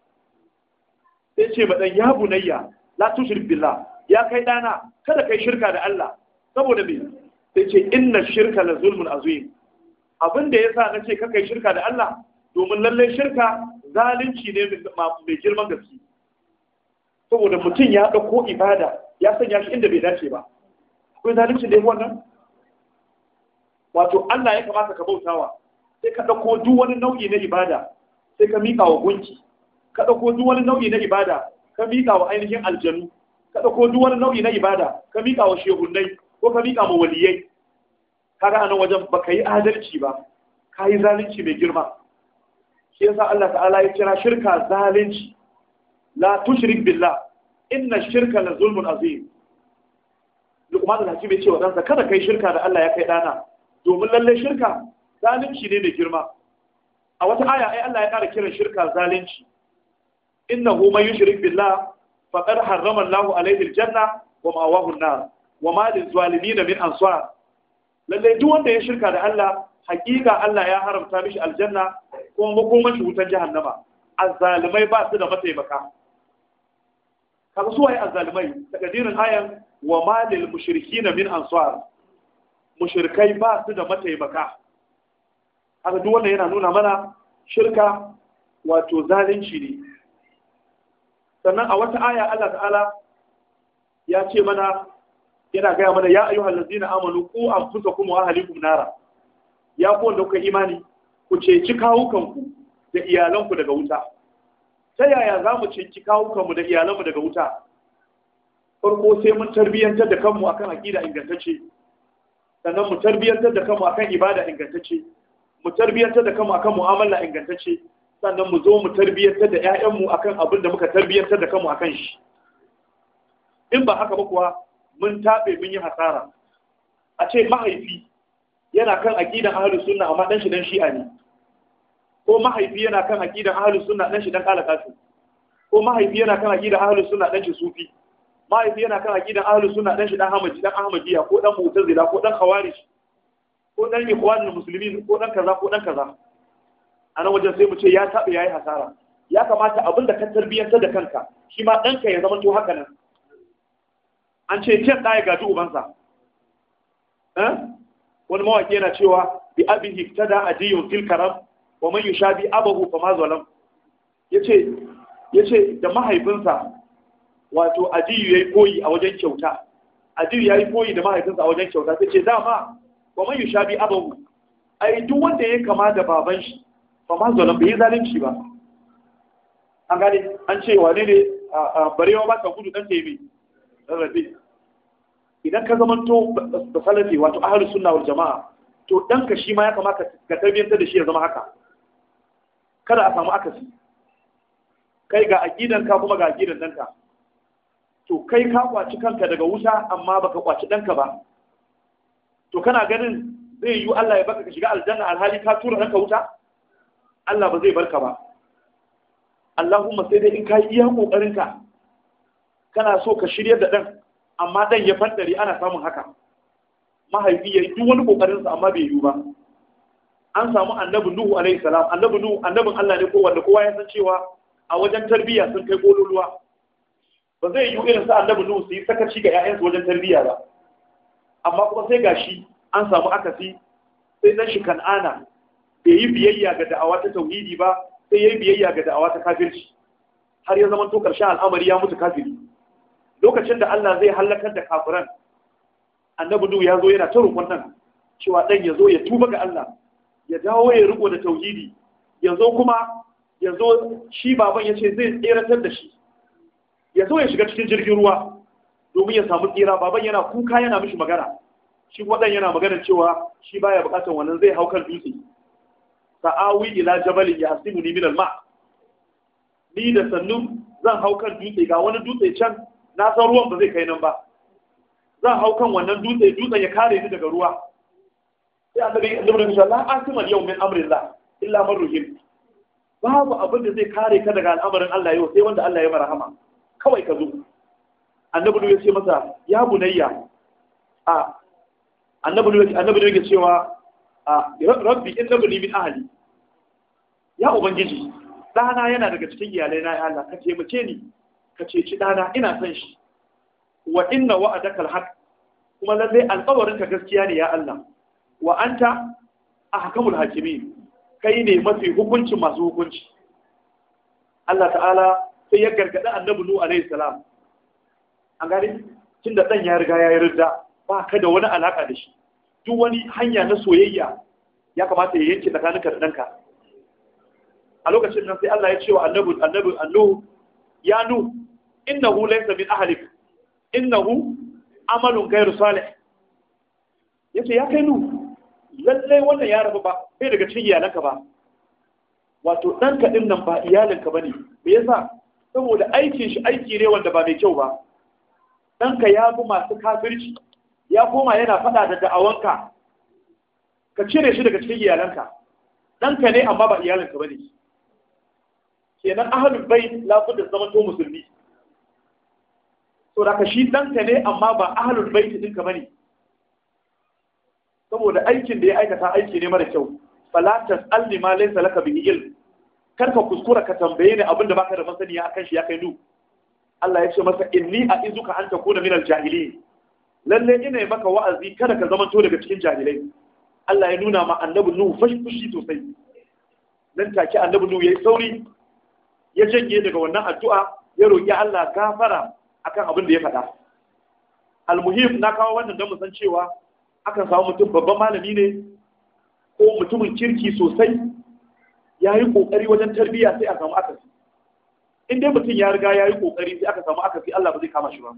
sai ce dan ya bunayya la tushrik billah ya kai ɗana kada kai shirka da Allah saboda me sai ce inna shirka la zulmun azim abin da yasa na ce kai shirka da Allah domin lallai shirka zalunci ne mai girman gaske saboda mutum ya ɗauko ibada ya sanya shi inda bai dace ba akwai zalunci da yawan wannan wato Allah ya kamata ka bautawa sai ka ɗauko duk wani nau'i na ibada sai ka miƙa wa gunki ka ɗauko duk wani nau'i na ibada ka miƙa wa ainihin aljanu ka ɗauko duk wani nau'i na ibada ka miƙa wa shehunnai ko ka miƙa wa waliyai ga anan wajen baka yi adalci ba ka yi zalunci mai girma shi yasa Allah ta'ala ya kira shirka zalunci la tushrik billah inna shirka la zulmun azim Luqman al ce wa ɗansa kada kai shirka da Allah ya kai ɗana domin lalle shirka zalunci ne mai girma a wata aya ai Allah ya ƙara kiran shirka zalunci innahu man yushrik billah faqad harrama Allahu alayhi al-janna wa ma'awahu an wa ma lil-zalimin min ansar lalle duk wanda ya shirka da Allah hakika Allah ya haramta mishi aljanna kuma makoman shi wutar jahannama azzalimai ba su da mataimaka kaga su waye daga dinin ayan wa malil na min ansar mushrikai ba su da mataimaka kaga duk wannan yana nuna mana shirka wato zalunci ne sannan a wata aya Allah ta'ala ya ce mana yana gaya mana ya ayyuhal ladina amanu qu anfusakum wa ahlikum nara ya ku wanda kuka imani ku ceci kawukanku da iyalanku daga wuta ta yaya za mu cinci kawukanmu da iyalanmu daga wuta farko sai mun tarbiyyantar da kanmu akan aƙida ingantacce sannan mu tarbiyyantar da kanmu akan ibada ingantacce mu tarbiyyantar da kanmu akan mu'amala ingantacce sannan mu zo mu tarbiyyantar da 'ya'yanmu akan abin da muka tarbiyyantar da kanmu akan shi in ba haka ba kuwa mun taɓe mun yi hasara a ce mahaifi yana kan aƙidan ahlus sunna amma dan shi dan shi'a ne ko mahaifi yana kan aqidan ahlus sunna dan shi dan ƙalata su ko mahaifi yana kan aqidan ahlus sunna dan shi sufi mahaifi yana kan aqidan ahlus sunna dan shi dan hamaji dan ahmadiyya ko dan mu'tazila ko dan khawarij ko dan ikhwanul muslimin ko dan kaza ko dan kaza a nan wajen sai mu ce ya taɓa ya yi hasara ya kamata abin da ka tarbiyyantar da kanka shi ma ɗanka ya zama to haka nan an ce can ɗaya gaji ubansa eh? wani mawaƙi yana cewa bi abin hikta da ajiyun fil karam wa man yushabi abahu fa ma zalam yace yace da mahaifinsa wato adiyu yayi koyi a wajen kyauta adiyu yayi koyi da mahaifinsa a wajen kyauta sai ce dama wa man yushabi abahu ai duk wanda ya kama da baban shi fa ma zalam bai zalunci ba an gane an ce wane ne barewa ba ta gudu dan tebe rabbi idan ka to da salafi wato ahlus sunna wal jamaa to ka shi ma ya kamata ka tabbatar da shi ya zama haka kada a samu akasi kai ga aqidan ka kuma ga aqidan danka to kai ka kwaci kanka daga wuta amma baka kwaci danka ba to kana ganin zai yi Allah ya baka ka shiga aljanna alhali ka tura ranka wuta Allah ba zai barka ba Allahumma sai dai in ka yi iya ka kana so ka shiryar da dan amma dan ya fandare ana samun haka mahaifi ya yi duk wani sa amma bai yi ba an samu annabi nuhu alaihi salam annabi nuhu annabin Allah ne ko wanda kowa ya san cewa a wajen tarbiyya sun kai kololuwa ba zai yi irin sa annabi nuhu su yi sakaci ga ƴaƴansu wajen tarbiyya ba amma kuma sai gashi an samu akasi sai dan shi kan'ana bai yi biyayya ga da'awa ta tauhidi ba sai yayi biyayya ga da'awa ta kafirci har ya zama to karshen al'amari ya mutu kafiri lokacin da Allah zai halakar da kafiran annabi nuhu ya zo yana ta nan cewa dan ya zo ya tuba ga Allah ya dawo ya riko da tauhidi ya kuma ya shi baban yace zai tseratar da shi ya ya shiga cikin jirgin ruwa domin ya samu tsira baban yana kuka yana mishi magana shi wadan yana magana cewa shi baya bukatar wannan zai hau kan dutse sa'awi ila jabalin ya asimu ni ma ni da sannu zan hau kan dutse ga wani dutse can na san ruwan ba zai kai nan ba zan hau kan wannan dutse dutsen ya kare ni daga ruwa sai annabi annabi ya ce la atima yau min amrillah illa man ruhim babu abin da zai kare ka daga al'amarin Allah yau sai wanda Allah ya marhama kawai ka zo annabi ya ce masa ya bunayya a annabi annabi ya cewa a rabbi innabni min ahli ya ubangiji ɗana yana daga cikin iyalai na Allah ka taimake ni ka ceci ɗana ina son shi wa inna wa'adaka alhaq kuma lallai alƙawarin ka gaskiya ne ya Allah wa anta ahkamul hakimin kai ne mafi hukuncin masu hukunci Allah ta'ala sai ya gargaɗi annabi nu alayhi salam an gani tunda dan ya riga ya yarda ba ka da wani alaka da shi duk wani hanya na soyayya ya kamata ya yanke tsakaninka da danka a lokacin nan sai Allah ya ce wa annabi annabi annu ya nu innahu laysa min ahlik innahu amalun ghayru salih yace ya kai nu lallai wannan ya rabu ba bai daga cikin iyalanka ba wato ka kaɗin nan ba iyalinka ba ne me yasa saboda aikin shi aiki ne wanda ba mai kyau ba Dan ka ya bi masu kafirci ya koma yana faɗa da da'awanka ka cire shi daga cikin iyalanka ka ne amma ba iyalinka ba ne kenan ahalul bai da zaman to musulmi to da ka shi ka ne amma ba ahlul bai ɗinka ba ne saboda aikin da ya aikata aiki ne mara kyau falatas alli ma laysa laka bi ilm kar ka kuskura ka tambaye ni abinda baka da masaniya akan shi ya kai nu Allah ya ce masa inni a izuka an takuna minal jahili lalle ina maka wa'azi kada ka zama to daga cikin jahilai Allah ya nuna ma annabi nuhu fashi sosai nan take annabi nuhu yayi sauri ya janye daga wannan addu'a ya roki Allah gafara akan abin da ya faɗa almuhim na kawo wannan don mu san cewa akan samu mutum babban malami ne ko mutumin kirki sosai ya yi kokari wajen tarbiyya sai a samu akasi in dai mutum ya riga ya yi kokari sai aka samu akasi Allah ba zai kama shi ba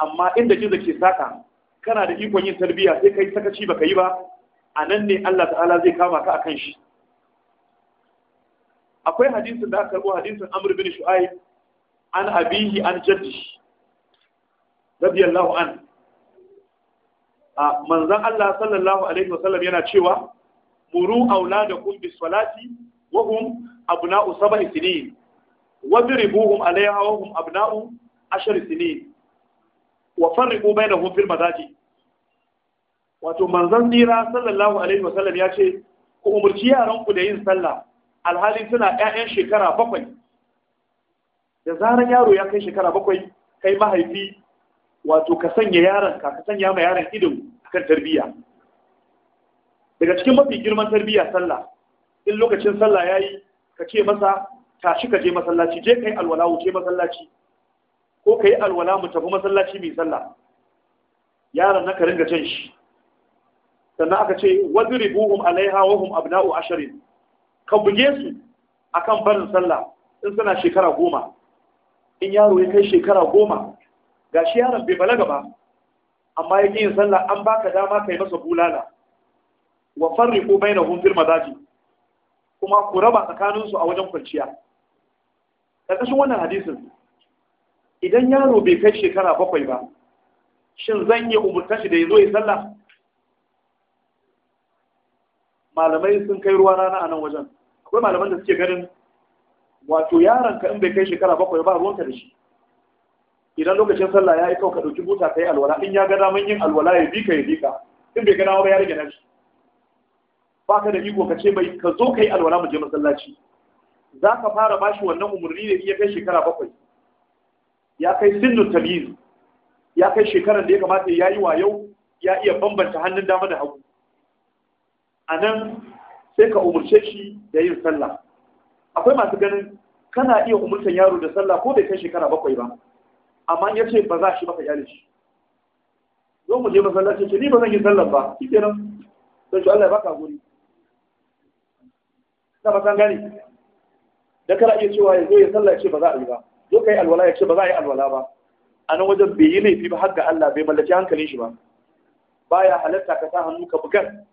amma inda gizo ke saka kana da ikon yin tarbiyya sai kai sakaci ka yi ba a nan ne Allah ta'ala zai kama ka akan shi akwai hadisin da aka karbo hadisin Amr bin Shu'aib an abihi an jaddi radiyallahu Anhu. manzan Allah sallallahu alaihi wasallam yana cewa muru auladakum bis salati wa hum abna'u sab'i sinin wadribuhum alaiha wa hum abna'u ashar sinin wa farriqu bainahum fil madaji wato manzan dira sallallahu alaihi wasallam ya ce ku umurci yaran ku da yin sallah alhali suna ƴaƴan shekara bakwai da zaran yaro ya kai shekara bakwai kai mahaifi wato ka sanya yaron ka sanya ma yaron idon akan tarbiyya daga cikin mafi girman tarbiyya sallah in lokacin sallah yayi ka ce masa tashi ka je masallaci je kai alwala wuce masallaci ko kai alwala mu tafi masallaci mai sallah yaron naka ringa jan shi sannan aka ce wadribuhum alaiha wa hum abna'u asharin ka buge su akan barin sallah in suna shekara goma in yaro ya kai shekara goma Ga shi yaron bai balaga ba amma yake yin sallah an baka dama kai masa bulala wa farriqu bainahum fil mazaji. kuma ku raba tsakanin su a wajen kwanciya karkashin wannan hadisin idan yaro bai kai shekara bakwai ba shin zan yi umurta shi da ya zo sallah malamai sun kai ruwa rana a nan wajen akwai malaman da suke ganin wato yaranka in bai kai shekara bakwai ba ruwanka da shi idan lokacin sallah ya yi kawai ka buta ka yi alwala in ya ga daman yin alwala ya bi ka ya bi ka in bai gana dama ba ya rage ba ka da iko ka ce mai ka zo ka yi alwala mu je masallaci za ka fara shi wannan umarni ne iya kai shekara bakwai ya kai sinnun tamiz ya kai shekarar da ya kamata ya yi wa yau ya iya bambanta hannun dama da hagu a nan sai ka umarce shi da yin sallah akwai masu ganin kana iya umurtan yaro da sallah ko bai kai shekara bakwai ba amma ya ce ba za shi maka yare shi zo mu je masallaci ce ni ba zan yi sallar ba shi kenan don shi Allah ya baka guri na ba san gani da kana iya cewa ya zo ya sallar ce ba za a yi ba zo kai alwala ya ce ba za a yi alwala ba a nan wajen bai yi laifi ba har ga Allah bai mallaki hankalin shi ba baya halatta ka sa hannu ka bugar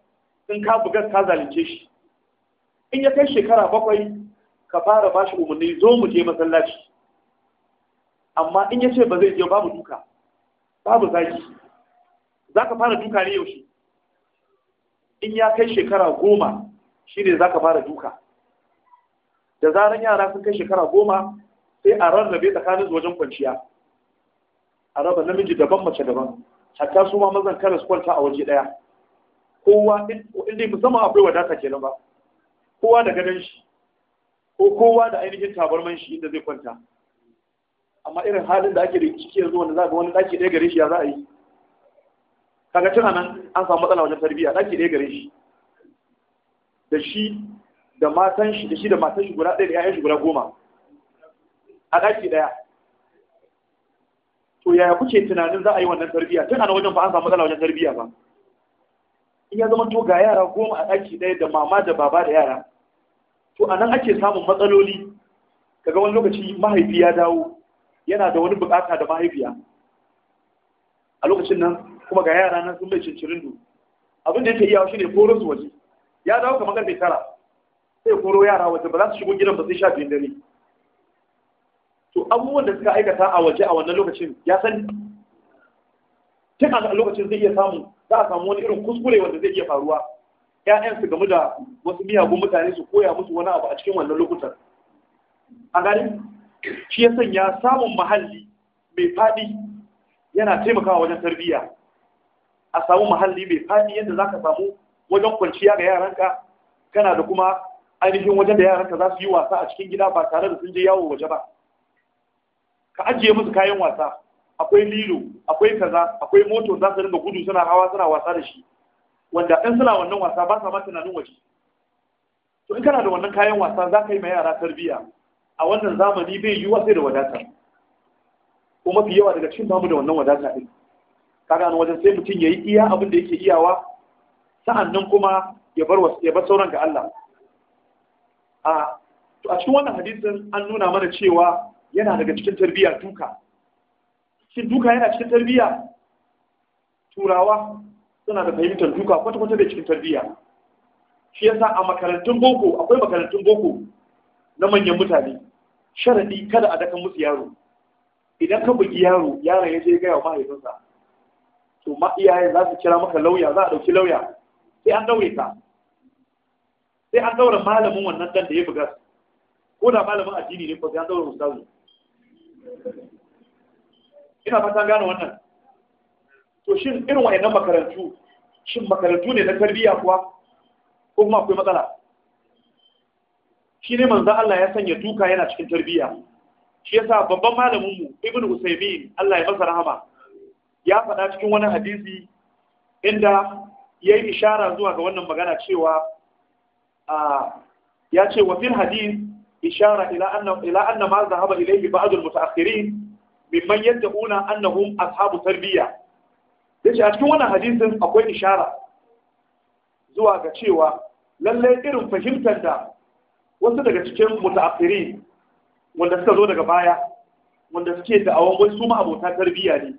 in ka bugar ka zalunce shi in ya kai shekara bakwai ka fara bashi umarni zo mu je masallaci amma in ya ce ba zai je babu duka babu zaki za ka fara duka ne yaushe in ya kai shekara goma ne za ka fara duka da zaran yara sun kai shekara goma sai a rarrabe tsakanin wajen kwanciya a raba namiji daban mace daban hatta su ma mazan kare su kwanta a waje ɗaya. kowa inda musamman akwai wadata kenan ba kowa da gadon shi ko kowa da ainihin tabarman shi inda zai kwanta amma irin halin da ake da ciki yanzu wanda za ga wani daki ɗaya gare shi ya za a yi kaga tun nan an samu matsala wajen tarbiyya daki ɗaya gare shi da shi da matan shi da shi da matan shi guda ɗaya da 'ya'yan shi guda goma a daki ɗaya to yaya kuke tunanin za a yi wannan tarbiyya tun nan wajen ba an samu matsala wajen tarbiyya ba in ya zama to ga yara goma a daki ɗaya da mama da baba da yara to anan ake samun matsaloli kaga wani lokaci mahaifi ya dawo yana da wani bukata da mahaifiya a lokacin nan kuma ga yara nan sun mai cincirin du, abin da yake iya shi ne koro su waje ya dawo kamar karfe tara sai koro yara waje ba za su shigo gidan ba sai sha biyun dare to abubuwan da suka aikata a waje a wannan lokacin ya sani tun a lokacin zai iya samu za a samu wani irin kuskure wanda zai iya faruwa ƴaƴan su game da wasu miyagun mutane su koya musu wani abu a cikin wannan lokutan a gani shi ya sanya samun mahalli mai faɗi yana taimakawa wajen tarbiyya a samu mahalli mai faɗi yadda za ka samu wajen kwanciya ga yaranka kana da kuma ainihin wajen da yaranka za su yi wasa a cikin gida ba tare da sun je yawo waje ba ka ajiye musu kayan wasa akwai lilo akwai kaza akwai moto za su rinka gudu suna hawa suna wasa da shi wanda ɗan suna wannan wasa ba sa ma tunanin waje to in kana da wannan kayan wasa za ka yi ma yara tarbiyya a wannan zamani bai yi sai da wadata ko mafi yawa daga cikin bamu da wannan wadata din kaga an wajen sai mutum ya yi iya abin da yake iyawa sa'annan kuma ya bar sauran ga Allah a to cikin wannan hadisin an nuna mana cewa yana daga cikin tarbiyya duka shin duka yana cikin tarbiyya turawa suna da fahimtar duka kwata-kwata da cikin tarbiyya shi yasa a makarantun boko akwai makarantun boko na manyan mutane sharadi kada a daka musu yaro idan ka bugi yaro yaro ya je gaya wa mahaifinsa to ma iyaye za su kira maka lauya za a ɗauki lauya sai an daure ka sai an daura malamin wannan dan da ya buga ko da malamin addini ne ko sai an daura ustazu ina fatan gane wannan to shin irin wayannan makarantu shin makarantu ne na tarbiyya kuwa ko kuma akwai matsala shi ne manzo Allah ya sanya duka yana cikin tarbiyya shi yasa babban malamin mu Ibn Usaymin Allah ya masa rahama ya faɗa cikin wani hadisi inda ya yi ishara zuwa ga wannan magana cewa ya ce wa fil hadis ishara ila anna ila anna ma zahaba ilayhi ba'd al mutaakhirin mimman yad'una annahum ashabu tarbiyya yace a cikin wannan hadisin akwai ishara zuwa ga cewa lallai irin fahimtar da wasu daga cikin mutafiri wanda suka zo daga baya wanda suke da'awa wai su abota tarbiyya ne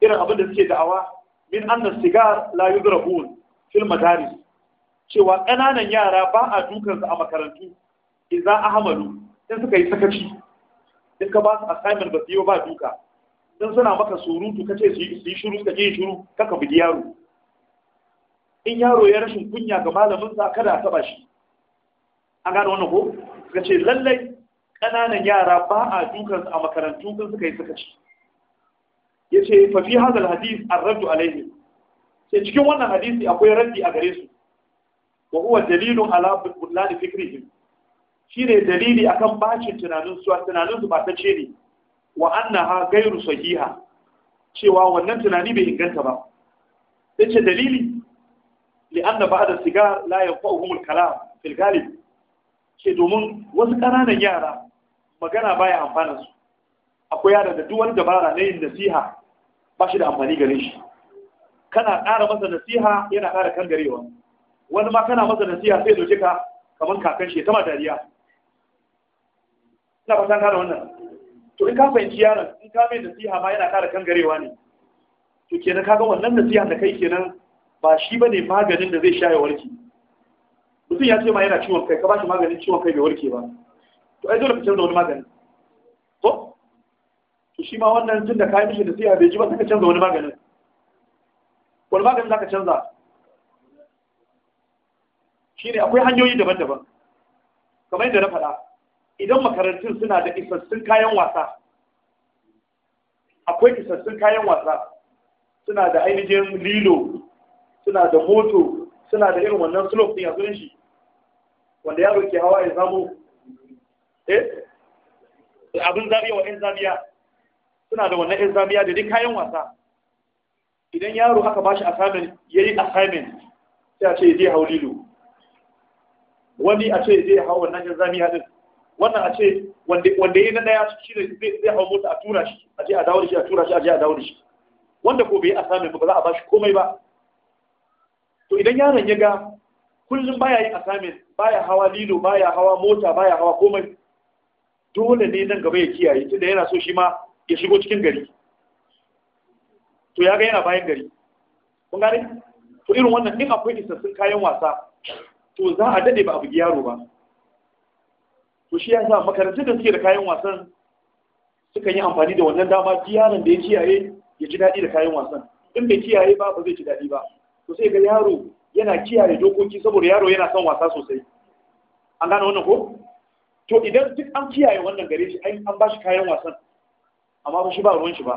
irin abin da suke da'awa min anna sigar la yudrabun fil madaris cewa ƙananan yara ba a dukansu a makarantu idza ahmalu in suka yi sakaci in ka ba su assignment ba su ba duka in suna maka surutu ka ce su yi shiru suka je shiru kaka bugi yaro in yaro ya rashin kunya ga malamin sa kada a taba shi an gano wannan ko suka ce lallai ƙananan yara ba a dukan a makarantu sun suka yi suka ci ya ce fafi hazal hadis an a alaihi sai cikin wannan hadisi akwai raddi a gare su wa huwa dalilun ala butlani fikrihim ne dalili akan bacin tunanin su tunanin su ba ta ce ne wa annaha gairu sahiha cewa wannan tunani bai inganta ba sai ce dalili li anna ba'da sigar la yanfa'uhum kalam fil ce domin wasu ƙananan yara magana baya amfanin su akwai yara da duk wani dabara na yin nasiha ba shi da amfani gare shi kana ƙara masa nasiha yana ƙara kangarewa wani ma kana masa nasiha sai doke ka kamar kakan shi ta ma dariya ina fata kana wannan to in ka fahimci yaron in ka mai nasiha ma yana ƙara kangarewa ne to kenan kaga wannan nasiha da kai kenan ba shi bane maganin da zai sha warki mutum ya ce ma yana ciwon kai ka ba shi maganin ciwon kai bai warke ba to ai dole fitar da wani magani to to shi ma wannan tun da kayan mishi da siya bai ji ba suka canza wani maganin wani maganin za ka canza shi ne akwai hanyoyi daban-daban kamar yadda na faɗa idan makarantun suna da isassun kayan wasa akwai isassun kayan wasa suna da ainihin lilo suna da moto suna da irin wannan slope din a zuwan shi wanda yaro ke hawa ya zamo, eh abin zabiya wa 'yan zamiya suna da wannan 'yan zamiya da duk kayan wasa idan yaro aka ba shi assignment ya yi assignment sai a ce zai hau lilo wani a ce zai hau wannan 'yan zamiya din wannan a ce wanda ya yi na ɗaya shi ne zai hau mota a tura shi a je a dawo da shi a tura shi a je a dawo da shi wanda ko bai yi assignment ba za a ba shi komai ba to idan yaron ya ga kullum baya yin assignment baya hawa lilo baya hawa mota baya hawa komai dole ne nan gaba ya kiyaye tunda yana so shi ma ya shigo cikin gari to ya ga yana bayan gari kun gane to irin wannan din akwai isassun kayan wasa to za a dade ba a bugi yaro ba to shi ya sa makarantu da suke da kayan wasan suka yi amfani da wannan dama ji da ya kiyaye ya ji daɗi da kayan wasan in bai kiyaye ba ba zai ji daɗi ba to sai ga yaro yana kiyaye dokoki saboda yaro yana son wasa sosai an gane wannan ko to idan duk an kiyaye wannan gare shi an an bashi kayan wasan amma ba shi ba ruwan shi ba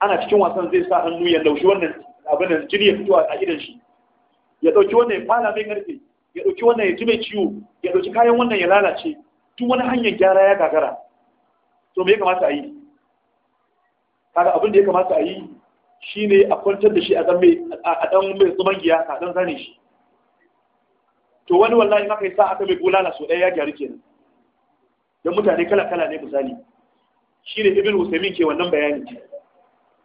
ana cikin wasan zai sa hannu ya laushi wannan abin da jini ya fito a idan shi ya dauki wannan ya fara mai ya dauki wannan ya ji ciwo ya dauki kayan wannan ya lalace tun wani hanyar gyara ya gagara to me ya kamata a yi kaga abin da ya kamata a yi Shi ne a kwantar da shi a zan mai a giya a dan zane shi to wani wallahi maka yasa aka mai bulala so ɗaya ya gyaru kenan da mutane kala kala ne misali Shi ne ibn usaimin ke wannan bayani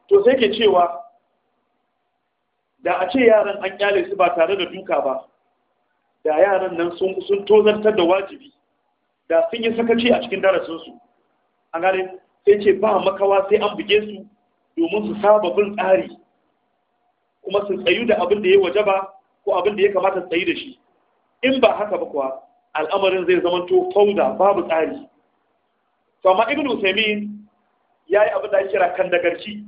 to sai ke cewa da a ce yaran an kyale su ba tare da duka ba da yaran nan sun sun tozartar da wajibi da sun yi sakaci a cikin darasinsu an gane sai ce ba makawa sai an buge su domin su saba bin tsari kuma su tsayu da abin da ya waje ba ko abin da ya kamata tsayi da shi in ba haka ba kuwa al'amarin zai zama to fauda babu tsari to amma ibn usaimin ya yi abin da ake kira kan dagarci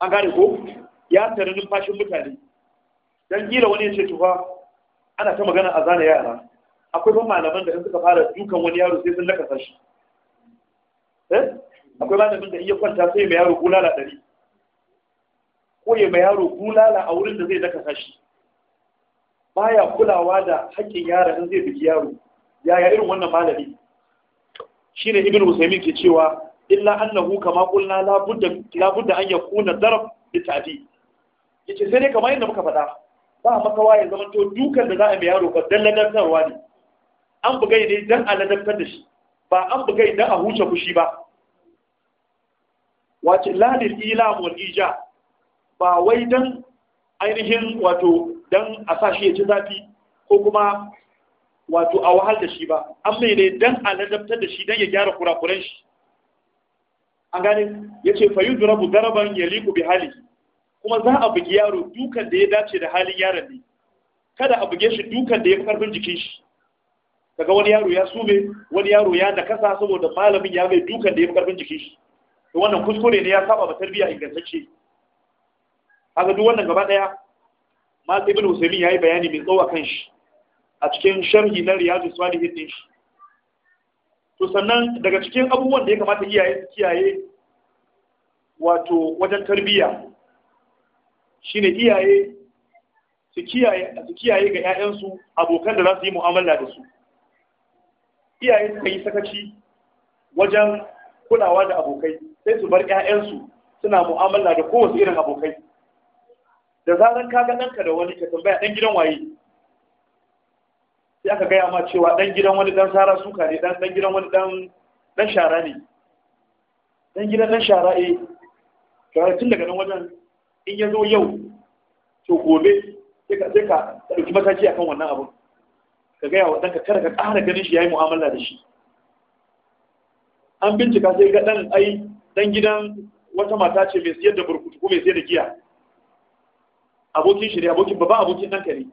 an gane ko ya tare numfashin mutane dan kila wani ya ce tufa ana ta magana a zana yara akwai ban malaman da in suka fara dukan wani yaro sai sun lakasa shi eh? akwai malamin da iya kwanta sai mai yaro bulala ɗari ko ya mai yaro bulala a wurin da zai daka sashi baya kulawa da haƙƙin yara in zai biki yaro yaya irin wannan malami Shi ne ibn usaymin ke cewa illa annahu kama qulna labudda budda an yakuna darab bi ta'di yace sai ne kamar yadda muka faɗa ba makawa ya zama to dukan da za a mai yaro ba dan ladantarwa ne an bugai ne dan a ladabtar da shi ba an bugai dan a huce fushi ba wato lalil ila wal ija ba wai dan ainihin wato dan a sa shi ya ci zafi ko kuma wato a wahal da shi ba an mai ne dan a ladabtar da shi dan ya gyara kurakuran shi an gane ya ce fa daraban yaliku bi hali. kuma za a bugi yaro dukan da ya dace da halin yaron ne kada a buge shi dukan da ya karfin jikin shi daga wani yaro ya sume wani yaro ya nakasa saboda malamin ya mai dukan da ya karfin jikin shi to wannan kuskure ne ya saba ba tarbiyya ingantacce haka duk wannan gaba daya ma ibn usaimin yayi bayani mai tsawo kan shi a cikin sharhi na riyadu salihin din shi to sannan daga cikin abubuwan da ya kamata iyaye su kiyaye wato wajen tarbiyya shine iyaye su kiyaye su kiyaye ga ƴaƴansu abokan da za su yi mu'amala da su iyaye suka yi sakaci wajen kulawa da abokai sai su bar ƴaƴansu suna mu'amala da kowace irin abokai da zaran ka ga ɗanka da wani ka tambaya ɗan gidan waye sai aka gaya ma cewa ɗan gidan wani ɗan sara suka ne ɗan gidan wani ɗan shara ne ɗan gidan ɗan shara eh tun daga nan wajen in ya zo yau to gobe sai ka ɗauki mataki akan wannan abun ka gaya wa ɗanka kada ka ƙara ganin shi ya yi mu'amala da shi an bincika sai ga ɗan ai dan gidan wata mata ce mai siyar da burkutu ko mai siyar da giya abokin shi ne abokin babban abokin ɗanka ne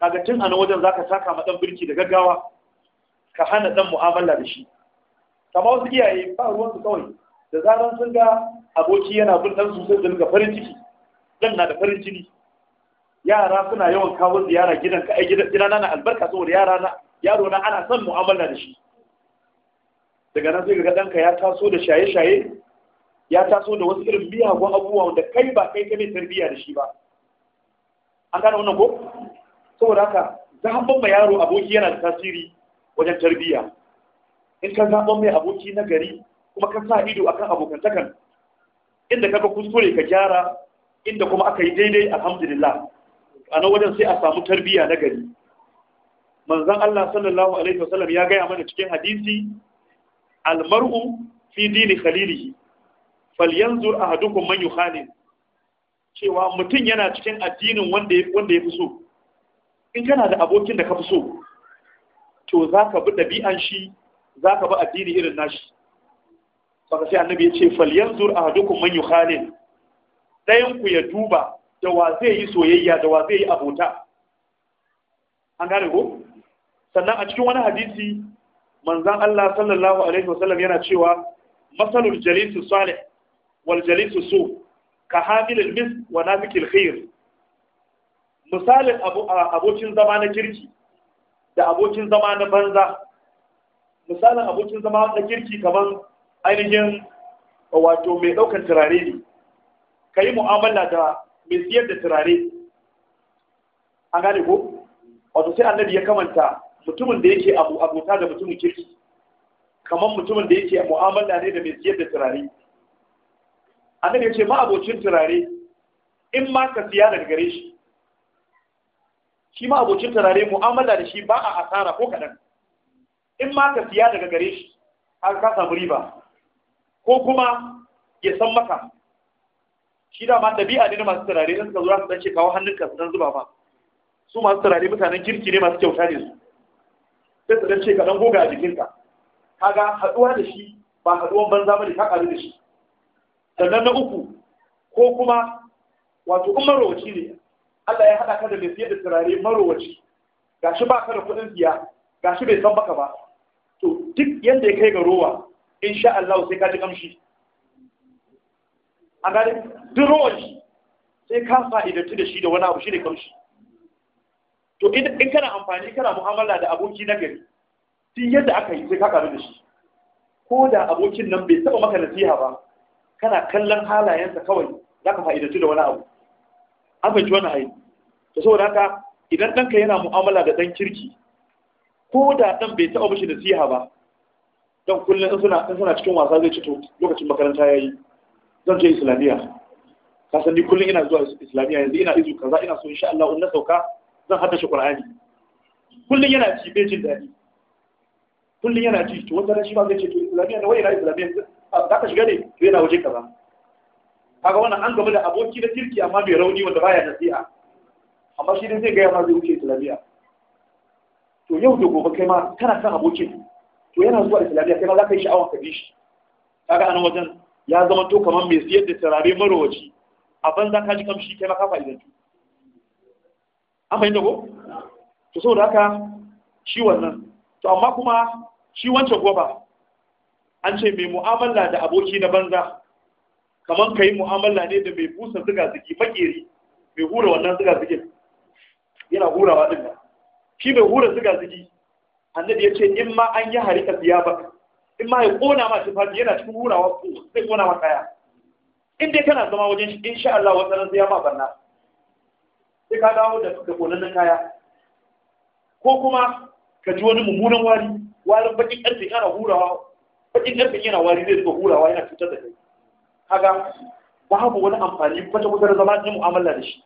kaga tun a wajen za ka taka ma dan birki da gaggawa ka hana ɗan mu'amala da shi Kama wasu iyaye ba ruwan su kawai da zaran sun ga aboki yana bin ɗan su sai ga farin ciki zan na da farin ciki yara suna yawan kawo ziyara gidanka ai gidan na albarka saboda yara na yaro na ana son mu'amala da shi daga nan sai ga ɗanka ya taso da shaye-shaye ya taso da wasu irin miyagun abubuwa wanda kai ba kai ne tarbiyya da shi ba an gane wannan ko saboda haka zaɓen ma yaro aboki yana da tasiri wajen tarbiyya in ka zaɓen mai aboki na gari kuma ka sa ido akan abokantakan inda ka ga kuskure ka gyara inda kuma aka yi daidai alhamdulillah a nan wajen sai a samu tarbiyya na gari manzon Allah sallallahu alaihi wasallam ya gaya mana cikin hadisi almar'u fi dini khalilihi falyanzur ahadukum man yukhalil cewa mutum yana cikin addinin wanda wanda ya fi so in kana da abokin da ka fi so to zaka bi dabi'an shi zaka bi addini irin nashi saka sai annabi ya ce falyanzur ahadukum man yukhalil dayan ku ya duba da wa zai yi soyayya da wa zai yi abota an gane ko sannan a cikin wani hadisi manzan Allah sallallahu alaihi wasallam yana cewa masalul jalisu salih wal jalisu su ka hamilil mis wa nafikil khair misalin abokin zama na kirki da abokin zama na banza misalin abokin zama na kirki kaman ainihin wato mai ɗaukar turare ne ka yi mu'amala da mai siyar da turare an gane ko wato sai annabi ya kamanta mutumin da yake abota da mutumin kirki kamar mutumin da yake mu'amala ne da mai siyar da turare annabi ya ce ma abocin turare in ma ka siya daga gare shi shi ma abocin turare mu'amala da shi ba a asara ko kaɗan in ma ka siya daga gare shi har ka samu riba ko kuma ya san maka shi da ma ɗabi'a ne masu turare in suka zo za su ɗan ce kawo hannunka su ɗan zuba ba su masu turare mutanen kirki ne masu kyauta ne su sai su dan ce ka dan goga jikinka kaga haduwa da shi ba haduwan banza bane ka karu da shi sannan na uku ko kuma wato in marowaci ne Allah ya haɗa ka da mai siyar da turare marowaci gashi ba ka da kuɗin siya gashi bai san baka ba to duk yadda ya kai ga rowa insha Allah sai ka ji kamshi a gare, duk rowan sai ka fa'idantu da shi da wani abu shi ne kamshi to in kana amfani kana mu'amala da aboki na gari tun yadda aka yi sai ka karu da shi ko da abokin nan bai taba maka nasiha ba kana kallon halayensa kawai za ka fa'idatu da wani abu an fahimci wani hayi to saboda haka idan ɗanka yana mu'amala da ɗan kirki ko da ɗan bai taɓa mishi nasiha ba don kullum in suna in suna cikin wasa zai ci to lokacin makaranta ya yi. zan je islamiyya ka san ni kullum ina zuwa islamiyya yanzu ina izu kaza ina so insha Allah in na sauka zan shi ƙulani kullum yana ci bai jin daɗi kullum yana ci to wanda shi ba zai ce to islamiyya na wai na islamiyya za ka shiga ne to yana waje kaza kaga wannan an gaba da aboki na kirki amma bai rauni wanda baya nasiha amma shi dai zai gaya ma zai wuce islamiyya to yau da gobe kai ma kana kan abokin to yana zuwa islamiyya kai ma za ka yi sha'awar ka bi shi kaga anan wajen ya zama to kamar mai siyar da turare marowaci a banza ka ji kamshi kai ma ka fa'idantu an fahimta ko to saboda haka shi wannan to amma kuma shi wancan kuwa ba an ce mai mu'amala da aboki na banza kamar ka yi mu'amala ne da mai busa ziga zigi makeri mai hura wannan ziga zigin yana hurawa din nan shi mai hura ziga zigi annabi ya ce in ma an yi harika ba. in ma ya kona ma fadi yana cikin hurawa zai kona ma kaya in dai kana zama wajen shi insha Allah wannan zai ma banna sai ka dawo da da konannen kaya ko kuma ka ji wani mummunan wari warin bakin karfe yana hurawa bakin karfe yana wari zai zuba hurawa yana cutar da kai kaga babu wani amfani kwata kwata da zama jin mu'amala da shi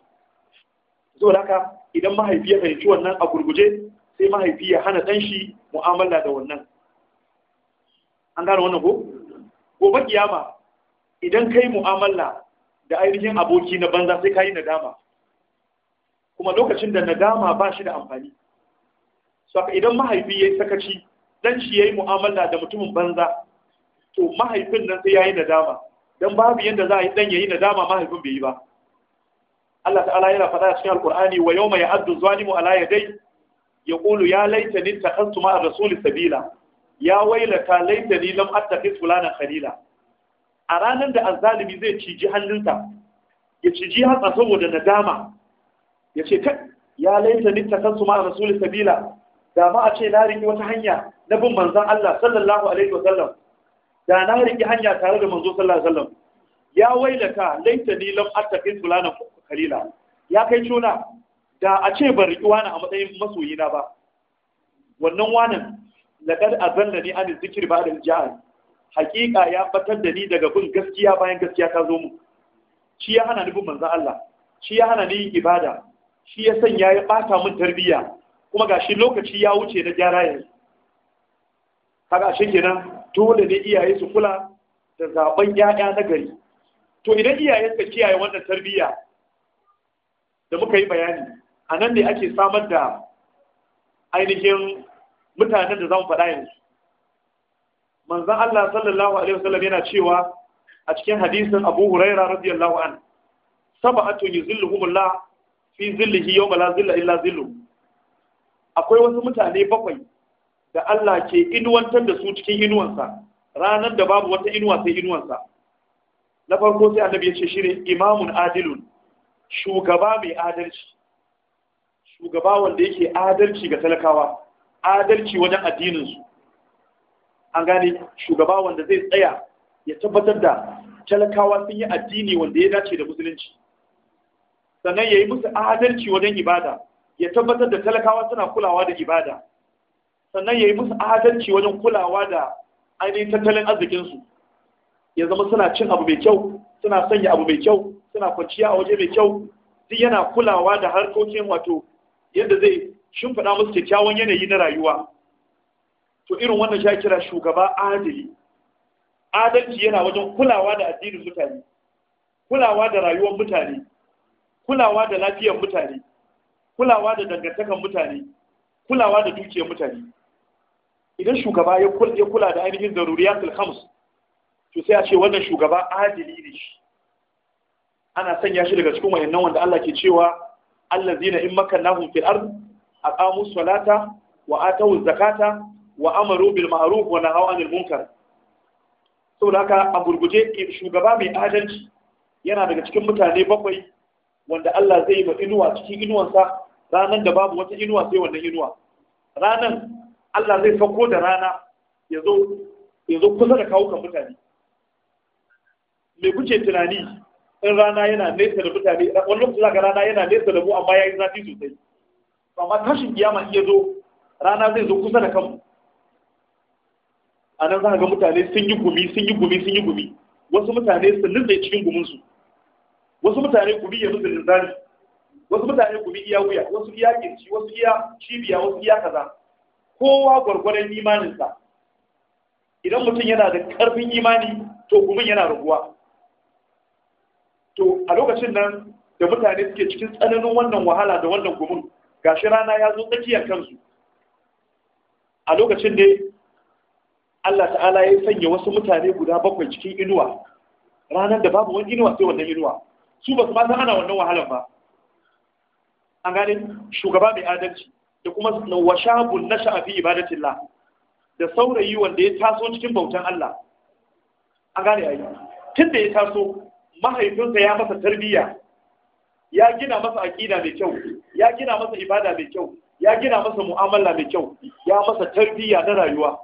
saboda haka idan mahaifi ya fahimci wannan a gurguje sai mahaifi ya hana ɗan shi mu'amala da wannan an gane wannan ko gobe kiyama idan kai mu'amala da ainihin aboki na banza sai yi nadama kuma lokacin da nadama ba shi da amfani so idan mahaifi ya yi sakaci dan shi ya mu'amala da mutumin banza to mahaifin nan sai ya yi nadama dan babu yadda za a yi dan ya yi nadama mahaifin bai yi ba Allah ta'ala yana faɗa a cikin alkur'ani wa yawma ya'addu zalimu ala ya yaqulu ya ya laitani ittakhadtu ma'a rasuli sabila ya wailata laitani lam attakhidh fulana khalila a ranar da azzalimi zai ciji hannunsa ya ciji hatsa saboda nadama ya ce kai ya laita ni ta kansu ma rasulun sabila da ma a ce na riƙi wata hanya na bin manzon Allah sallallahu alaihi wa sallam da na riƙi hanya tare da manzo sallallahu alaihi wa sallam ya wailaka laita ni lam attaqi fulana kalila ya kai cuna da a ce ban riƙi wani a matsayin masoyina ba wannan wanan laqad azalla ni an zikri ba'da al-jahl haƙiƙa ya batar da ni daga bin gaskiya bayan gaskiya ta zo mu shi ya hana ni bin manzon Allah shi ya hana ni ibada shi ya sanya ya ɓata min tarbiyya kuma ga shi lokaci ya wuce na gyara yanzu kaga shi kenan dole ne iyaye su kula da zaben yaya na gari to idan iyaye suka kiyaye wannan tarbiyya da muka yi bayani a nan ne ake samar da ainihin mutanen da za mu faɗa yanzu manzan Allah sallallahu alaihi wasallam yana cewa a cikin hadisin Abu Huraira radiyallahu an sab'atun yuzilluhumullah fi zillihi yawma la zilla illa zillu akwai wasu mutane bakwai da Allah ke inuwantar da su cikin inuwansa ranar da babu wata inuwa sai inuwansa na farko sai annabi ya ce ne imamun adilun shugaba mai adalci shugaba wanda yake adalci ga talakawa adalci wajen addininsu an gane shugaba wanda zai tsaya ya tabbatar da talakawa sun yi addini wanda ya dace da musulunci sannan ya yi musu adalci wajen ibada ya tabbatar da talakawa suna kulawa da ibada sannan ya yi musu adalci wajen kulawa da ainihin tattalin arzikinsu ya zama suna cin abu mai kyau suna sanya abu mai kyau suna kwanciya a waje mai kyau duk yana kulawa da harkokin wato yadda zai shimfiɗa musu kyakkyawan yanayi na rayuwa to irin wannan shi kira shugaba adali adalci yana wajen kulawa da addinin mutane kulawa da rayuwar mutane kulawa da lafiyar mutane kulawa da dangantakar mutane kulawa da dukiyar mutane idan shugaba ya kula da ainihin zaruriyatul khams to sai a ce wannan shugaba adili ne shi ana sanya shi daga cikin wayannan wanda Allah ke cewa Allah zina in makannahum fil ard aqamu salata wa atu zakata wa amaru bil ma'ruf wa nahaw anil munkar saboda haka a gurguje shugaba mai adalci yana daga cikin mutane bakwai wanda Allah zai yi inuwa cikin inuwansa ranan da babu wata inuwa sai wannan inuwa ranan Allah zai sauko da rana ya zo kusa da kawukan mutane me kuke tunani in rana yana nesa da mutane wani lokaci ka rana yana nesa da mu amma yayi zafi sosai amma tashin kiyama iya zo rana zai zo kusa da kanmu a nan za ga mutane sun yi gumi sun yi gumi sun yi gumi wasu mutane sun nutse cikin guminsu wasu mutane ku bi yanzu da wasu mutane ku bi wuya wasu iya kirci wasu iya cibiya wasu iya kaza kowa gwargwaron imaninsa idan mutum yana da karfin imani to gumin yana raguwa to a lokacin nan da mutane suke cikin tsananin wannan wahala da wannan gumin gashi rana ya zo tsakiyar kansu a lokacin ne Allah ta'ala ya sanya wasu mutane guda bakwai cikin inuwa ranar da babu wani inuwa sai wannan inuwa su ba su ba san ana wannan wahalar ba an gane shugaba mai adalci da kuma na shabun na sha'afi ibadatilla da saurayi wanda ya taso cikin bautan Allah an gane yi tun da ya taso mahaifinsa ya masa tarbiyya ya gina masa aƙida mai kyau ya gina masa ibada mai kyau ya gina masa mu'amala mai kyau ya masa tarbiyya na rayuwa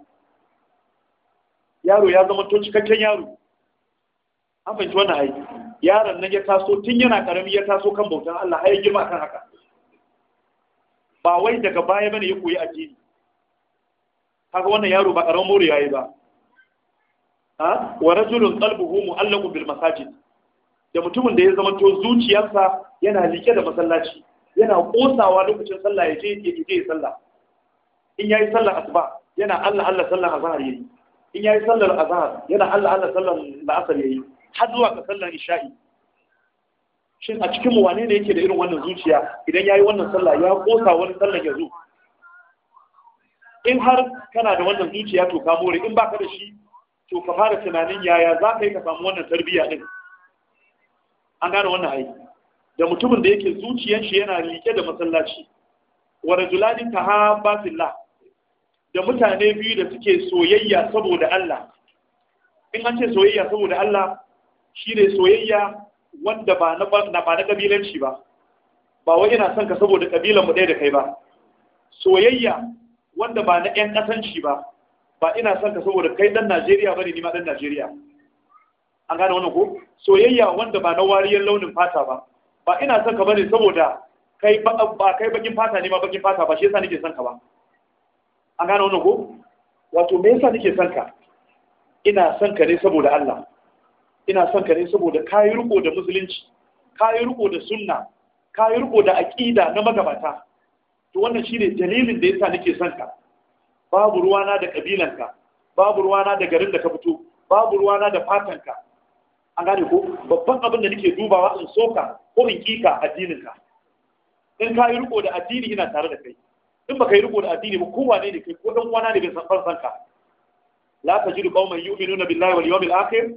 yaro ya zama to cikakken yaro an fahimci wannan aiki yaron nan ya taso tun yana karami ya taso kan bautan Allah har ya girma kan haka ba wai daga baya bane ya koyi addini kaga wannan yaro ba karamin more yayi ba ha wa rajulun qalbuhu mu'allaqu bil masajid da mutumin da ya zama to zuciyarsa yana like da masallaci yana kosawa lokacin sallah ya je ya je sallah in yayi sallah asuba yana Allah Allah sallar azhar yayi in yayi sallar azhar yana Allah Allah sallar la'asar yayi har zuwa ga sallar isha'i shin a cikin mu wane ne yake da irin wannan zuciya idan yayi wannan sallah ya kosa wani sallar ya zo in har kana da wannan zuciya to ka more in baka da shi to ka fara tunanin yaya za ka yi ka samu wannan tarbiyya din an gane wannan aiki da mutumin da yake zuciyar shi yana rike da masallaci wa rajulani tahabbatillah da mutane biyu da suke soyayya saboda Allah in an ce soyayya saboda Allah shine soyayya wanda ba na ba na kabilanci ba ba wai ina son ka saboda kabilan mu ɗaya da kai ba soyayya wanda ba na ƴan kasanci ba ba ina son ka saboda kai dan Najeriya bane ni ma dan Najeriya an gane wannan ko soyayya wanda ba na wariyar launin fata ba ba ina son ka bane saboda kai ba kai bakin fata ne ma bakin fata ba shi yasa nake son ka ba an gane wannan ko wato me yasa nake son ka ina son ka ne saboda Allah ina son ka ne saboda ka yi riko da musulunci ka yi riko da sunna ka yi riko da aƙida na magabata to wannan shine dalilin da yasa nake son ka babu ruwana da kabilanka babu ruwana da garin da ka fito babu ruwana da fatanka an gane ko babban abin da nake dubawa in soka ko in kika addininka in ka yi riko da addini ina tare da kai in baka yi riko da addini ba kowa ne da kai ko dan uwana ne bai san farsan ka la tajidu qauman yu'minuna billahi wal yawmil akhir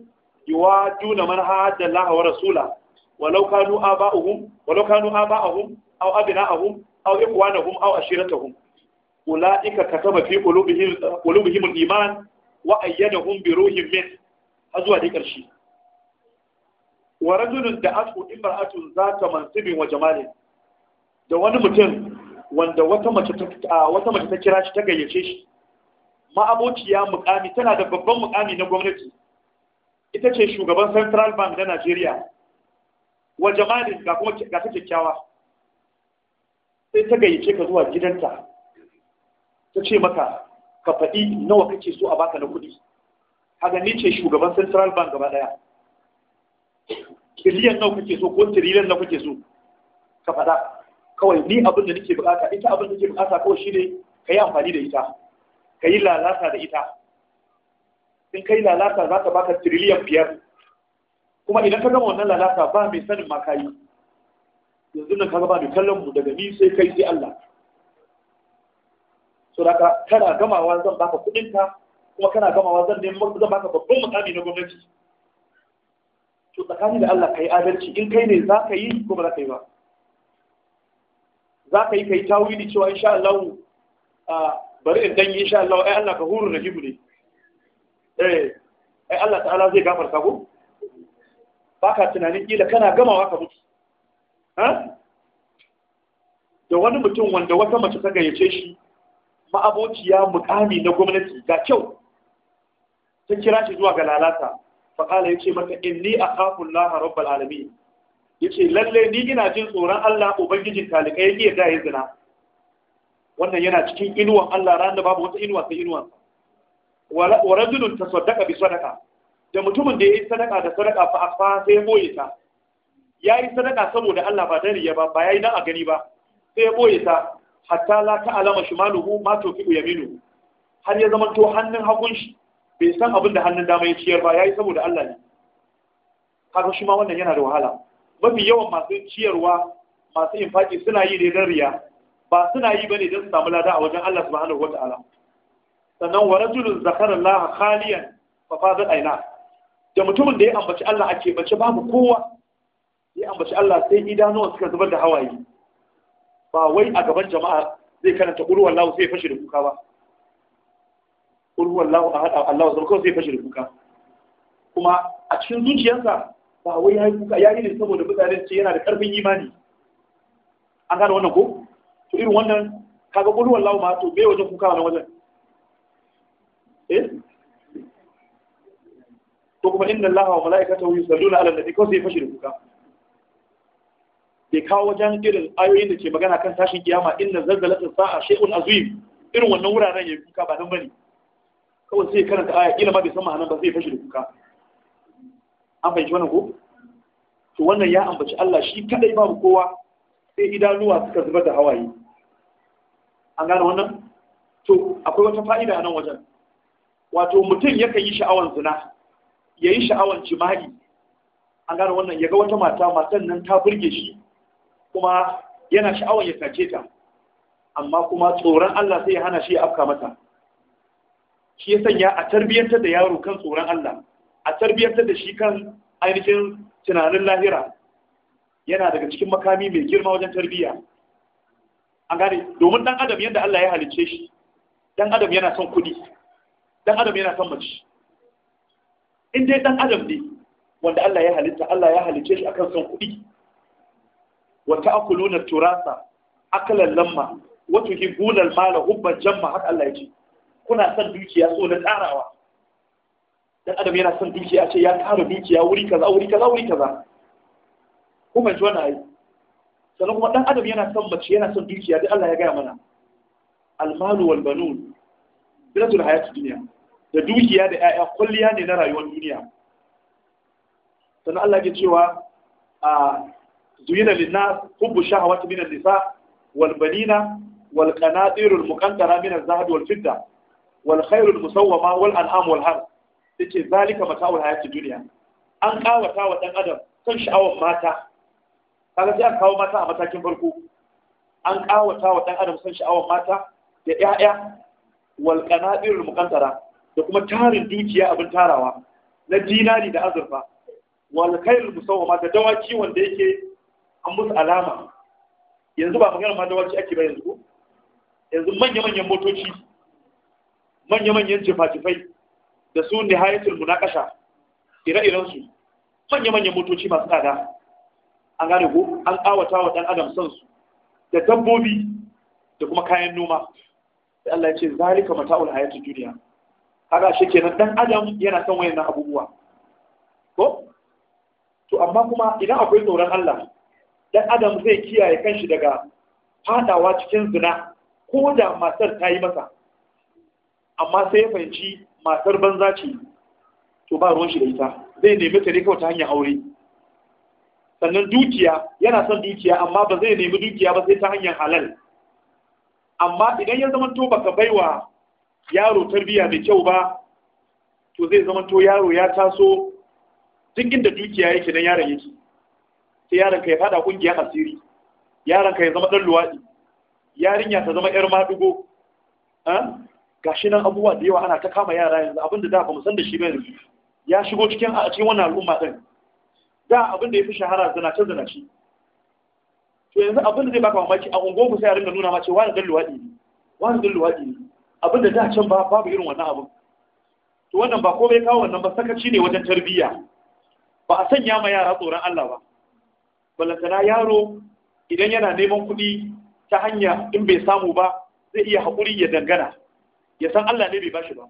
يواجون من هاد الله ورسوله ولو كانوا آباؤهم ولو كانوا آباؤهم أو أبناءهم أو إخوانهم أو aw أولئك كتب في قلوبهم قلوبهم الإيمان وأيدهم بروح من ayyadahum bi ruhin ورجل har dai منصب وجمال دوان da asu imra'atun zata mansibin wa da wani wanda wata mace ta kira shi ta gayyace shi ma'abociya mukami tana da babban mukami na gwamnati ita ce shugaban central bank na najeriya wa jamalin ga kuma ga ta kyakkyawa sai ta gayyace ka zuwa gidanta ta ce maka ka faɗi nawa kake so a baka na kuɗi haka ni ce shugaban central bank gaba ɗaya biliyan nawa kake so ko tiriliyan nawa kake so ka faɗa kawai ni abin da nake bukata ita abin da nake bukata kawai shine ka yi amfani da ita ka yi lalata da ita in kai lalata za ta baka tiriliyan biyar kuma idan ka gama wannan lalata ba mai sanin ma kayi yanzu nan ka gaba mai kallon mu daga ni sai kai sai Allah so da ka kana gamawa zan baka kuɗin ka kuma kana gamawa zan nemi zan baka babban mukami na gwamnati to tsakani da Allah kai adalci in kai ne za ka yi ko ba za ka yi ba za ka yi kai tawili cewa insha Allah bari in danyi insha Allah ai Allah ka huru rahimu ne Eh, ai Allah ta'ala zai gafarta ko baka tunanin kila kana gamawa ka mutu ha da wani mutum wanda wata mace ta gayyace shi ma'abociya mukami na gwamnati ga kyau ta kira shi zuwa ga lalata fa ya ce mata inni a kafin laha alamin alami ya ce lalle ni ina jin tsoron allah ubangijin talikai ya iya zina wannan yana cikin inuwan allah ranar babu wata inuwa sai inuwansa wa rajulun sadaka bi da mutumin da ya yi sadaka da sadaka fa afa sai boye ta yayi sadaka saboda Allah ba dariya ba ba yayi nan a gani ba sai boye ta hatta la alama shimaluhu ma tuqiu yaminu har ya zama to hannun hagun shi bai san abin da hannun dama ya ciyar ba yayi saboda Allah ne kaga shi ma wannan yana da wahala mafi yawan masu ciyarwa masu infaki suna yi ne dariya. ba suna yi bane don su samu lada a wajen Allah subhanahu wataala sannan wa rajulun zakara Allah khaliyan fa fadat aina da mutumin da ya ambaci Allah a bace babu kowa ya ambaci Allah sai idanuwan suka zubar da hawaye ba wai a gaban jama'a zai karanta qul wallahu sai fashi da kuka ba qul wallahu ahad Allah sai kawai sai fashi da kuka kuma a cikin zuciyarsa ba wai ya yi kuka ya yi ne saboda mutane ce yana da karfin imani an gane wannan ko to irin wannan kaga qul wallahu ma to bai wajen kuka wannan wajen eh to kuma inna Allah wa mala'ikatahu yusalluna 'alan nabi ko sai fashi da kuka bai kawo wajen irin ayoyin da ke magana kan tashin kiyama inna zalzalatus sa'a shay'un azim irin wannan wuraren ya kuka ba nan bane kawai sai karanta aya kila ma bai san ma'anar ba sai fashi da kuka an fahimci wannan ko to wannan ya ambaci Allah shi kadai babu kowa sai idanuwa suka zubar da hawaye an gane wannan to akwai wata fa'ida a nan wajen wato mutum yakan yi sha'awar zina ya yi sha'awan jima'i an gane wannan ya ga wata mata matan nan ta burge shi kuma yana sha'awar ya sace ta amma kuma tsoron Allah sai ya hana shi ya afka mata shi ya sanya a tarbiyyantar da yaro kan tsoron Allah a tarbiyyantar da shi kan ainihin tunanin lahira yana daga cikin makami mai girma wajen tarbiyya an gane domin dan adam yadda Allah ya halicce shi dan adam yana son kuɗi dan adam yana son mace in dai dan adam ne wanda Allah ya halitta Allah ya halice shi akan son kuɗi wa ta'kuluna turasa akalan lamma wa tuhibbuna al-mala hubban jamma har Allah ya ce kuna son dukiya so na tsarawa dan adam yana son dukiya ce ya tsara dukiya wuri kaza wuri kaza wuri kaza Kuma ji wannan ai sannan kuma dan adam yana son mace yana son dukiya dai Allah ya gaya mana al-malu wal banun biratul hayatid dunya da dukiya da 'ya'ya kulliya ne na rayuwar duniya sannan Allah ke cewa a zuyina linnas hubbu shahawati minan nisa wal banina wal qanatirul muqantara minan zahab wal fidda wal khairul musawwama wal an'am wal har yace zalika mata'ul hayati duniya an kawata wa dan adam kan sha'awar mata kaga sai an kawo mata a matakin farko an kawata wa dan adam san sha'awar mata da 'ya'ya wal qanatirul muqantara da kuma tarin dukiya abin tarawa na dinari da azurfa wal khairul musawama da dawaki wanda yake an musu alama yanzu ba magana ma dawaki ake ba yanzu yanzu manya-manyan motoci manya-manyan jifa-jifai da su hayatul munakasha ire-iren su manya-manyan motoci masu tsada an gane ko an kawata wa dan adam san su da dabbobi da kuma kayan noma sai Allah ya ce zalika mata'ul hayatul dunya kaga shi kenan dan adam yana son wayannan abubuwa ko to amma kuma idan akwai tsoron Allah dan adam zai kiyaye kanshi daga fadawa cikin zina ko da matar ta yi masa amma sai ya fahimci matar banza ce to ba ruwan shi da ita zai nemi ta kawai ta hanyar aure sannan dukiya yana son dukiya amma ba zai nemi dukiya ba sai ta hanyar halal amma idan ya zama to baka baiwa yaro tarbiya da kyau ba to zai zama to yaro ya taso duk inda dukiya yake nan yaron yake sai yaron ka ya fada kungiyar asiri yaron ka ya zama dan luwadi yarinya ta zama yar madugo ah, gashi nan abubuwa da yawa ana ta kama yara yanzu abinda da ba mu san da shi ba yanzu ya shigo cikin a cikin wannan al'umma din da abinda ya fi shahara zana shi to yanzu abinda zai baka mamaki a ungo ku sai a ringa nuna ma cewa wani dan luwadi ne wani dan luwadi ne abin da da can ba babu irin wannan abin to wannan ba komai kawo wannan ba sakaci ne wajen tarbiyya ba a sanya ma yara tsoron Allah ba balantana yaro idan yana neman kuɗi ta hanya in bai samu ba zai iya haƙuri ya dangana ya san Allah ne bai bashi ba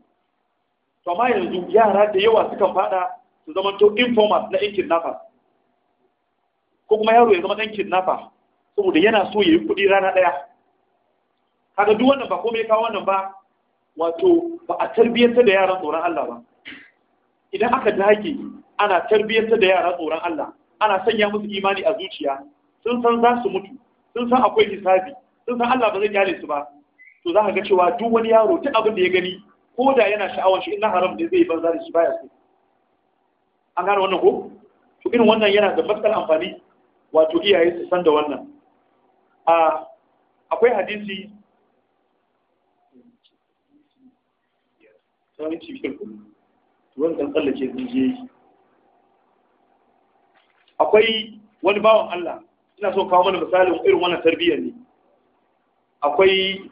to amma yanzu yara da yawa sukan fada su zama to informers na yankin nafa ko kuma yaro ya zama ɗan kidnapper saboda yana so ya yi kuɗi rana ɗaya kaga duk wannan ba komai kawo wannan ba wato ba a tarbiyyanta da yaran tsoron Allah ba idan aka dage ana tarbiyyanta da yaran tsoron Allah ana sanya musu imani a zuciya sun san za su mutu sun san akwai hisabi sun san Allah ba zai kyale su ba to za ka ga cewa duk wani yaro duk abin da ya gani ko da yana sha'awar shi ina haram da zai banza da shi baya so an gane wannan ko to irin wannan yana da matsalar amfani wato iyaye su san da wannan a ah, akwai hadisi ta yi cibiyar kuma wani ɗan tsallake zijiyoyi akwai wani bawan Allah ina so kawo mana misalin irin wannan tarbiyyar ne akwai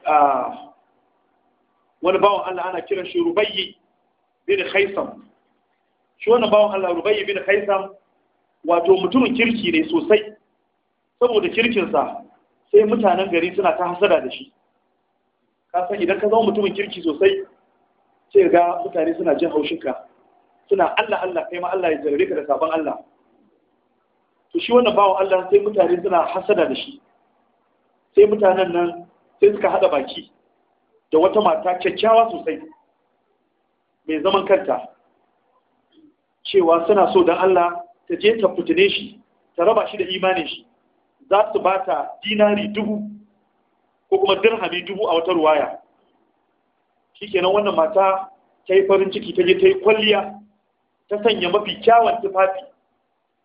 wani bawan Allah ana kiran shi rubayyi bin khaisam shi wannan bawan Allah rubayyi bin khaisam wato mutumin kirki ne sosai saboda kirkinsa sai mutanen gari suna ta hasada da shi ka san idan ka zama mutumin kirki sosai sai ga mutane suna jin haushinka suna Allah Allah kai ma Allah ya jarare ka da sabon Allah to shi wannan bawo Allah sai mutane suna hasada da shi sai mutanen nan sai suka hada baki da wata mata kyakkyawa sosai mai zaman kanta cewa suna so dan Allah ta je ta fitine shi ta raba shi da imanin shi za su ba ta dinari dubu ko kuma dirhami dubu a wata ruwaya shikenan wannan mata ta yi farin ciki ta je ta yi kwalliya ta sanya mafi kyawun tufafi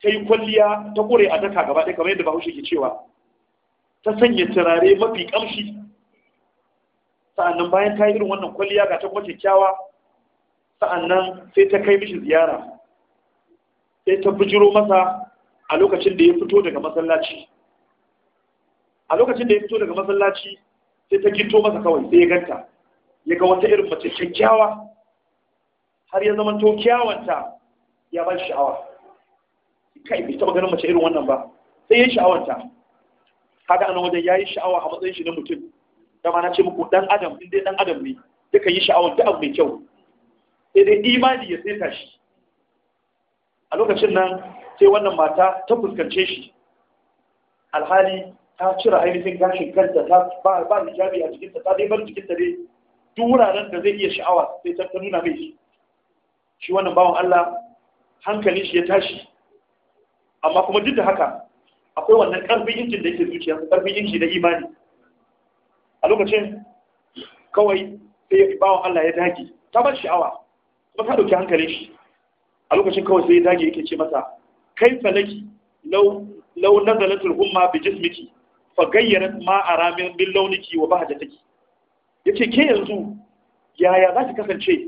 ta yi kwalliya ta kure a daka gaba ɗaya kamar yadda bahaushe ke cewa ta sanya turare mafi ƙamshi sa'annan bayan ta yi irin wannan kwalliya ga ta kuma kyakkyawa sa'annan sai ta kai mishi ziyara sai ta bijiro masa a lokacin da ya fito daga masallaci a lokacin da ya fito daga masallaci sai ta gito masa kawai sai ya ganta ya ga wata irin mace kyakkyawa har ya zama to kyawanta ya ba sha'awa kai bai taɓa ganin mace irin wannan ba sai ya sha'awanta kaga anan wajen yayi sha'awa a matsayin shi na mutum ma na ce muku dan adam in dai dan adam ne duka yi sha'awa duk abu mai kyau sai dai imani ya saita shi a lokacin nan sai wannan mata ta fuskance shi alhali ta cire ainihin gashin kanta ta ba ba hijabi a jikinta ta dai bar jikinta dai duk wuraren da zai iya sha'awa sai ta nuna mai shi shi wannan bawan Allah hankali shi ya tashi amma kuma duk da haka akwai wannan karfin injin da yake zuciya karfin inji da imani a lokacin kawai sai bawan Allah ya dage ta bar sha'awa kuma ta dauki hankalin shi a lokacin kawai sai ya dage yake ce masa kai falaki lau lau nazalatul humma bi jismiki fa gayyarat ma aramin min launiki wa bahajatiki ya ce ke yanzu yaya za ki kasance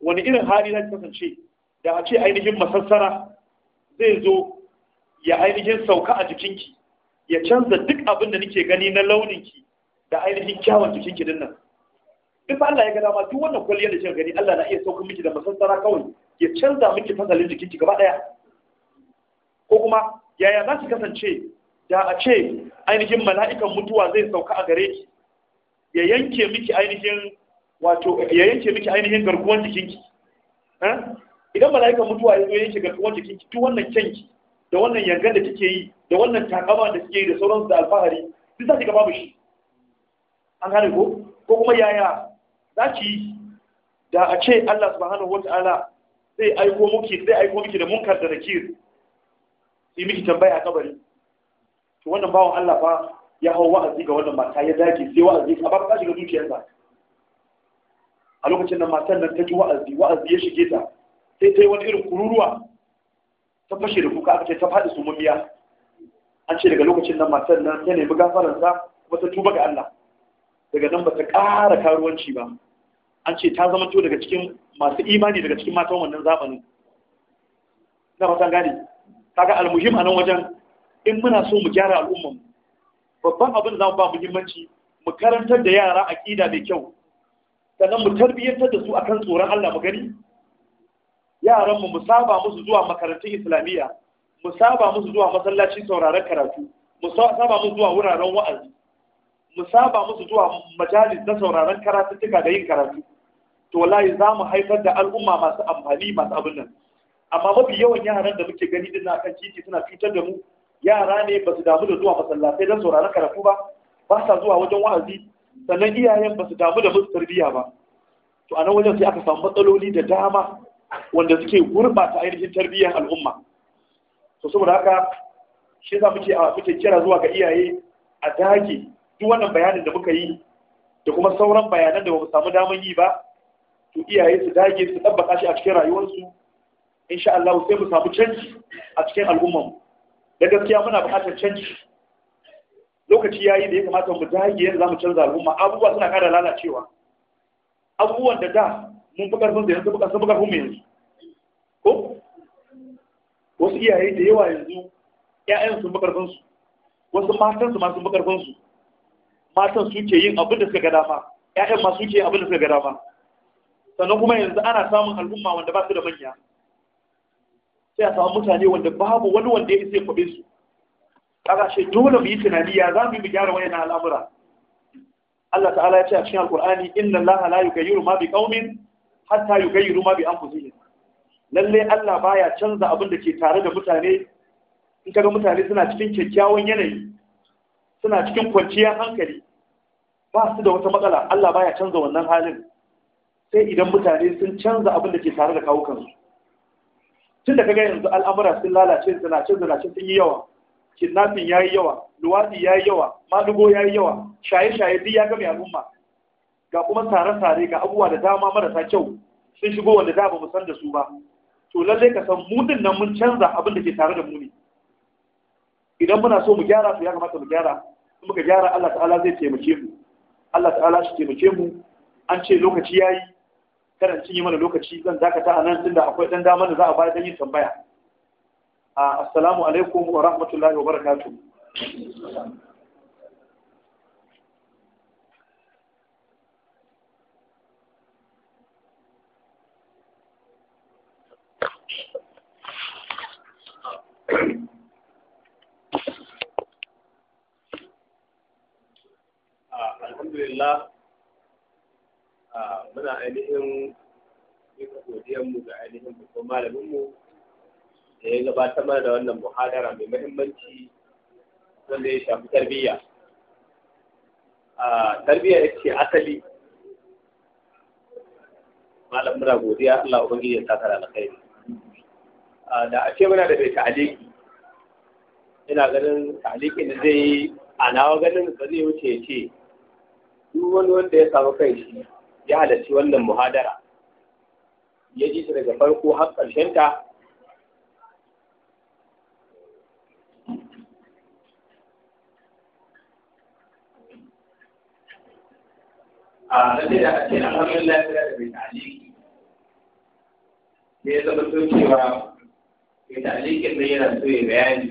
wani irin hali za ki kasance da a ce ainihin masassara zai zo ya ainihin sauka a jikinki ya canza duk abin da nike gani na launinki da ainihin kyawun jikinki dinnan? nan duk Allah ya ga dama duk wannan kwalliyar da kika gani Allah na iya sauka miki da masassara kawai ya canza miki fasalin jikinki gaba daya ko kuma yaya za ki kasance da a ce ainihin mala'ikan mutuwa zai sauka a gare ki ya yanke miki ainihin wato ya yanke miki ainihin garkuwan jikinki idan mala'ika mutuwa ya zo yanke garkuwan jikinki duk wannan kyanki da wannan yangan da kike yi da wannan takama da kike yi da sauransu da alfahari duk za ki ga babu shi an gane ko ko kuma yaya za ki yi da a ce Allah subhanahu wata'ala zai aiko miki zai aiko miki da munkar da nakir yi miki tambaya a kabari to wannan bawon Allah fa ya hau wa'azi ga wannan mata ya dage sai wa'azi a ba ga dukiyarsa a lokacin da matan nan ta ji wa'azi wa'azi ya shige ta sai ta yi wani irin kururuwa ta fashe da kuka aka ce ta faɗi sumumiya an ce daga lokacin nan matan nan ta nemi gafaransa kuma ta tuba ga Allah daga nan bata ƙara karuwanci ba an ce ta zama daga cikin masu imani daga cikin matan wannan zamanin na matan gane kaga almuhim a nan wajen in muna so mu gyara al'ummar mu babban abin za mu ba muhimmanci mu karantar da yara ƙida mai kyau sannan mu tarbiyyantar da su akan tsoron Allah mu gani yaran mu musaba musu zuwa makarantun islamiyya mu saba musu zuwa masallaci sauraron karatu mu saba musu zuwa wuraren wa'azi mu saba musu zuwa majalis na sauraron karatuttuka da yin karatu to wallahi za mu haifar da al'umma masu amfani masu abin nan amma mafi yawan yaran da muke gani din na kan titi suna cutar da mu yara ne ba su damu da zuwa masallatai don sauraron karatu ba ba sa zuwa wajen wa'azi sannan iyayen ba su damu da musu tarbiyya ba to a nan wajen sai aka samu matsaloli da dama wanda suke gurɓata ainihin tarbiyyar al'umma to saboda haka shi za muke a muke kira zuwa ga iyaye a dage duk wannan bayanin da muka yi da kuma sauran bayanan da ba mu samu daman yi ba to iyaye su dage su tabbata shi a cikin rayuwarsu insha Allah sai mu samu canji a cikin al'ummar da gaskiya muna buƙatar canji lokaci ya yi da ya kamata mu dage yadda za mu canza al'umma abubuwa suna ƙara lalacewa abubuwan da da mun fi ƙarfin da yanzu fi ƙarfin ƙarfin mu yanzu ko wasu iyaye da yawa yanzu ƴaƴan sun fi ƙarfin su wasu matan su ma sun fi ƙarfin su matan ke yin abin da suka ga dama ƴaƴan ma ke yin abin da suka ga dama sannan kuma yanzu ana samun al'umma wanda ba su da manya sai a samu mutane wanda babu wani wanda ya sai kwabe su kaga shi dole mu yi tunani ya za mu yi mu gyara wayan al'amura Allah ta'ala ya ce a cikin alkur'ani inna allaha la yughayyiru ma biqaumin hatta yughayyiru ma bi anfusihim lalle Allah baya canza abin da ke tare da mutane in kaga mutane suna cikin kyakkyawan yanayi suna cikin kwanciyar hankali ba su da wata matsala Allah baya canza wannan halin sai idan mutane sun canza abin da ke tare da kawukansu tun da kaga yanzu al'amura sun lalace zinace zinace sun yi yawa kidnapping yi yawa luwadi yi yawa madugo yi yawa shaye shaye duk ya gama al'umma ga kuma tare tare ga abubuwa da dama marasa kyau sun shigo wanda da ba mu san da su ba to lallai ka san mu din nan mun canza abin da ke tare da mu ne idan muna so mu gyara to ya kamata mu gyara in muka gyara Allah ta'ala zai taimake mu Allah ta'ala shi taimake mu an ce lokaci yayi karan cinye mana lokaci zan dakata a nan tunda akwai dan dama da za a bayar dan yin tambaya assalamu alaikum wa rahmatullahi wa barakatuh alhamdulillah muna ainihin godiyar mu ga ainihin babban mu da ya gabatar mana da wannan muhadara mai mahimmanci wanda ya shafi tarbiyya. Tarbiyya ya ce asali malam muna godiya Allah Ubangiji ya saka da alkhairi. Da a ce muna da bai ta'aliki ina ganin ta'alikin da zai yi a nawa ganin ba zai wuce ya ce duk wani wanda ya samu kai shi ya halarci wannan muhadara ya ji su daga farko har ta. a da ake alhamdulillah da da bai ta'aliki ya zama sun cewa mai talikin da yana so ya bayani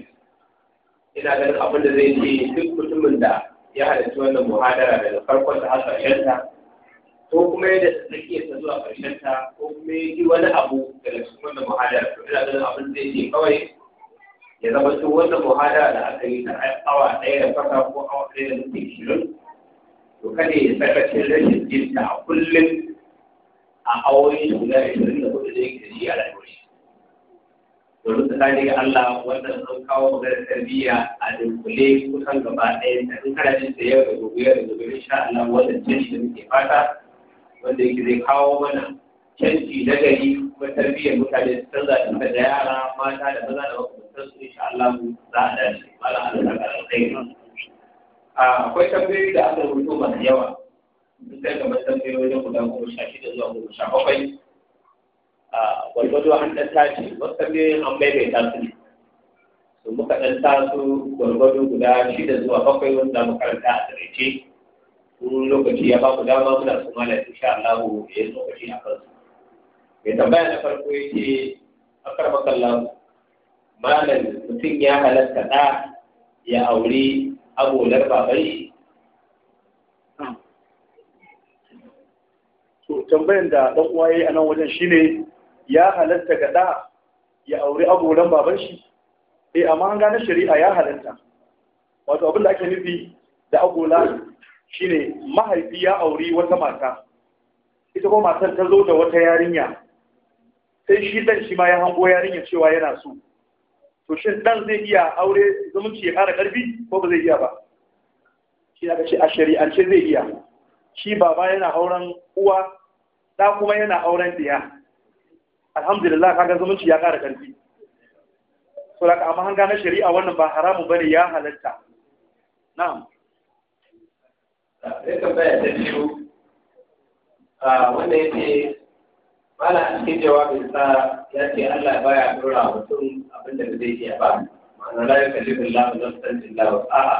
ina ganin abin da zai ce duk mutumin da ya halarci wannan muhadara daga farkon da har ƙarshenta ko kuma yadda tsakiyar ta zuwa ƙarshen ta ko kuma yi wani abu daga cikin wannan muhadara to ina ganin abin zai ce kawai ya zama cikin wannan muhada da aka yi ta awa ɗaya da fata ko awa ɗaya da mutum shirin to kada ya sakacin rashin jin ta a kullum a awoyin guda ashirin da hudu da yake jiya a rayuwar shi ta tsakani ga Allah wannan sun kawo maganar tarbiyya a dunkule kusan gaba ɗaya ta in kana jin da yau da gobe da gobe insha Allah wannan ce da muke fata wanda yake zai kawo mana canji na gari kuma tarbiyyar mutane su canza da da yara mata da maza da makamantar su insha Allah za a dace malam Allah ka alƙai ah, akwai tambayoyi da aka rubuto masu yawa sun kai kamar tambayoyi wajen guda goma sha shida zuwa goma sha bakwai ah, gwargwado an ɗan tashi wasu tambayoyin an maimaita su ne su muka ɗan taso gwargwado guda shida zuwa bakwai wanda muka karanta a tsaraice kun lokaci ya baku dama muna su mala insha Allah ya yi lokaci a kansu mai tambaya na farko ya ce a karmakan malam mutum ya halatta ɗa ya auri abolar baban shi to tambayan da ɗan uwa yayi a nan wajen shine ya halatta ga ɗa ya auri abolar baban shi eh amma an gane shari'a ya halatta wato abin da ake nufi da agola shine mahaifi ya auri wata mata ita ko matar ta zo da wata yarinya sai shi dan shi ma ya hango yarinya cewa yana so to shin dan zai iya aure zumunci ya ƙara ƙarfi ko ba zai iya ba shi aka ce a shari'ance zai iya shi baba yana auren uwa da kuma yana auren diya alhamdulillah kaga zumunci ya ƙara ƙarfi so da amma hanga na shari'a wannan ba haramun bane ya halatta na'am sai tambaya ta biyu wanda ya ce mala a cikin sa ya ce Allah baya dora mutum abin da zai iya ba ma'ana la yukallifu Allah nafsan illa wus'aha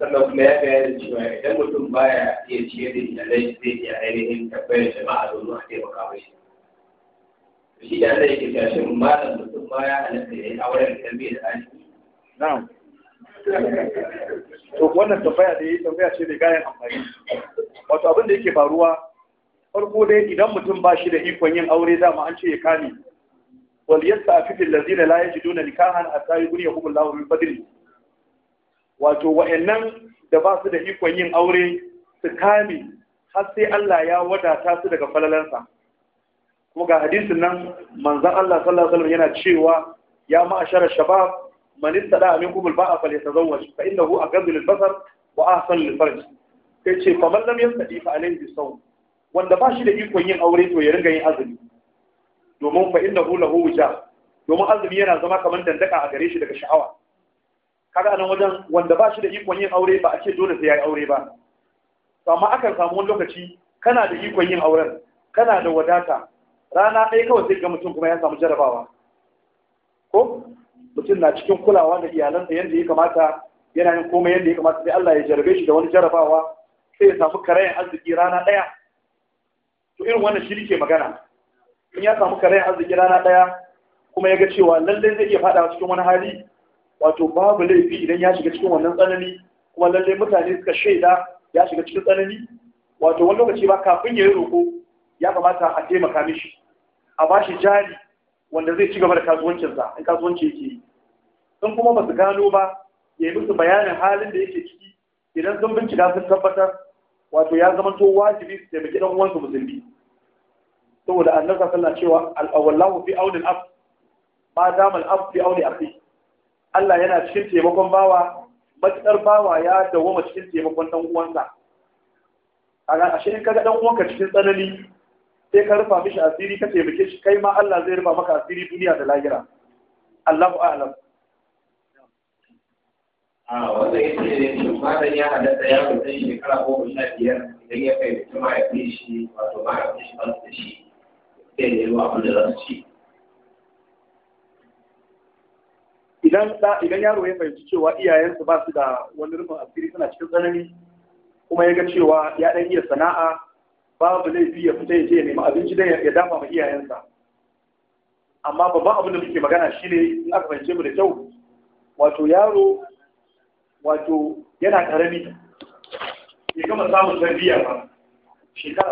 sannan kuma ya bayar cewa idan mutum baya iya ciyar da iyalai zai iya ainihin tabbayar jama'a domin a taimaka mashi shi da Allah yake cewa shin malam mutum baya halatta ya yi auren da bai da aiki to wannan tambaya da yi tambaya ce da gayan amfani wato abin da yake faruwa farko dai idan mutum ba shi da ikon yin aure dama an ce ya kame wal yasta'fifu allazina la yajiduna nikahan hatta yughniyahum Allahu min fadli wato wa'annan da ba su da ikon yin aure su kame har sai Allah ya wadata su daga falalansa kuma ga hadisin nan manzon Allah sallallahu alaihi wasallam yana cewa ya ma'ashara shabab man istada minkum al-ba'a falyatazawwaj fa innahu aqaddu lil-basar wa ahsan lil-farj sai ce fa man lam yastadi fa alayhi bisawm wanda ba shi da ikon yin aure to ya ringa yin azumi domin fa innahu lahu domin azumi yana zama kamar dandaka a gare shi daga sha'awa kaga anan wajen wanda ba shi da ikon yin aure ba a ce dole sai ya yi aure ba amma akan samu wani lokaci kana da ikon yin auren kana da wadata rana ɗaya kawai zai ga mutum kuma ya samu jarrabawa. ko mutum na cikin kulawa da iyalansa yadda ya kamata yana yin komai yadda ya kamata sai Allah ya jarabe shi da wani jarabawa sai ya samu karayan arziki rana ɗaya to irin wannan shi ke magana in ya samu karayan arziki rana ɗaya kuma ya ga cewa lallai zai iya faɗawa cikin wani hali wato babu laifi idan ya shiga cikin wannan tsanani kuma lallai mutane suka shaida ya shiga cikin tsanani wato wani lokaci ba kafin ya yi roƙo ya kamata a taimaka mishi a bashi jari wanda zai ci gaba da kasuwancinsa in kasuwanci yake yi Sun kuma ba su gano ba ya yi musu bayanin halin da yake ciki idan sun bincika sun tabbatar wato ya zama to wajibi su taimaki dan uwansu musulmi saboda annabi sallallahu cewa al fi auni Af, ma dama al fi auni akhi Allah yana cikin taimakon bawa matsar bawa ya dawoma cikin taimakon dan uwansa kaga ashe in kaga dan uwanka cikin tsanani sai ka rufa mishi asiri ka taimake shi kai ma Allah zai rufa maka asiri duniya da lahira Allahu a'lam a wanda ya ce shin matan ya halatta ya shi shekara goma sha biyar idan ya kai mutum mahaifin shi wato mahaifin shi ba su da shi sai ne ruwa abin da za su ci idan idan yaro ya fahimci cewa iyayensu ba su da wani rufin asiri suna cikin tsanani kuma ya ga cewa ya ɗan iya sana'a babu laifi ya fita ya ce ya nemi abinci don ya dafa ma iyayensa amma babban abin da muke magana shi ne in aka fahimce mu da kyau wato yaro wato yana karami ya gama samun tarbiyya ba shekara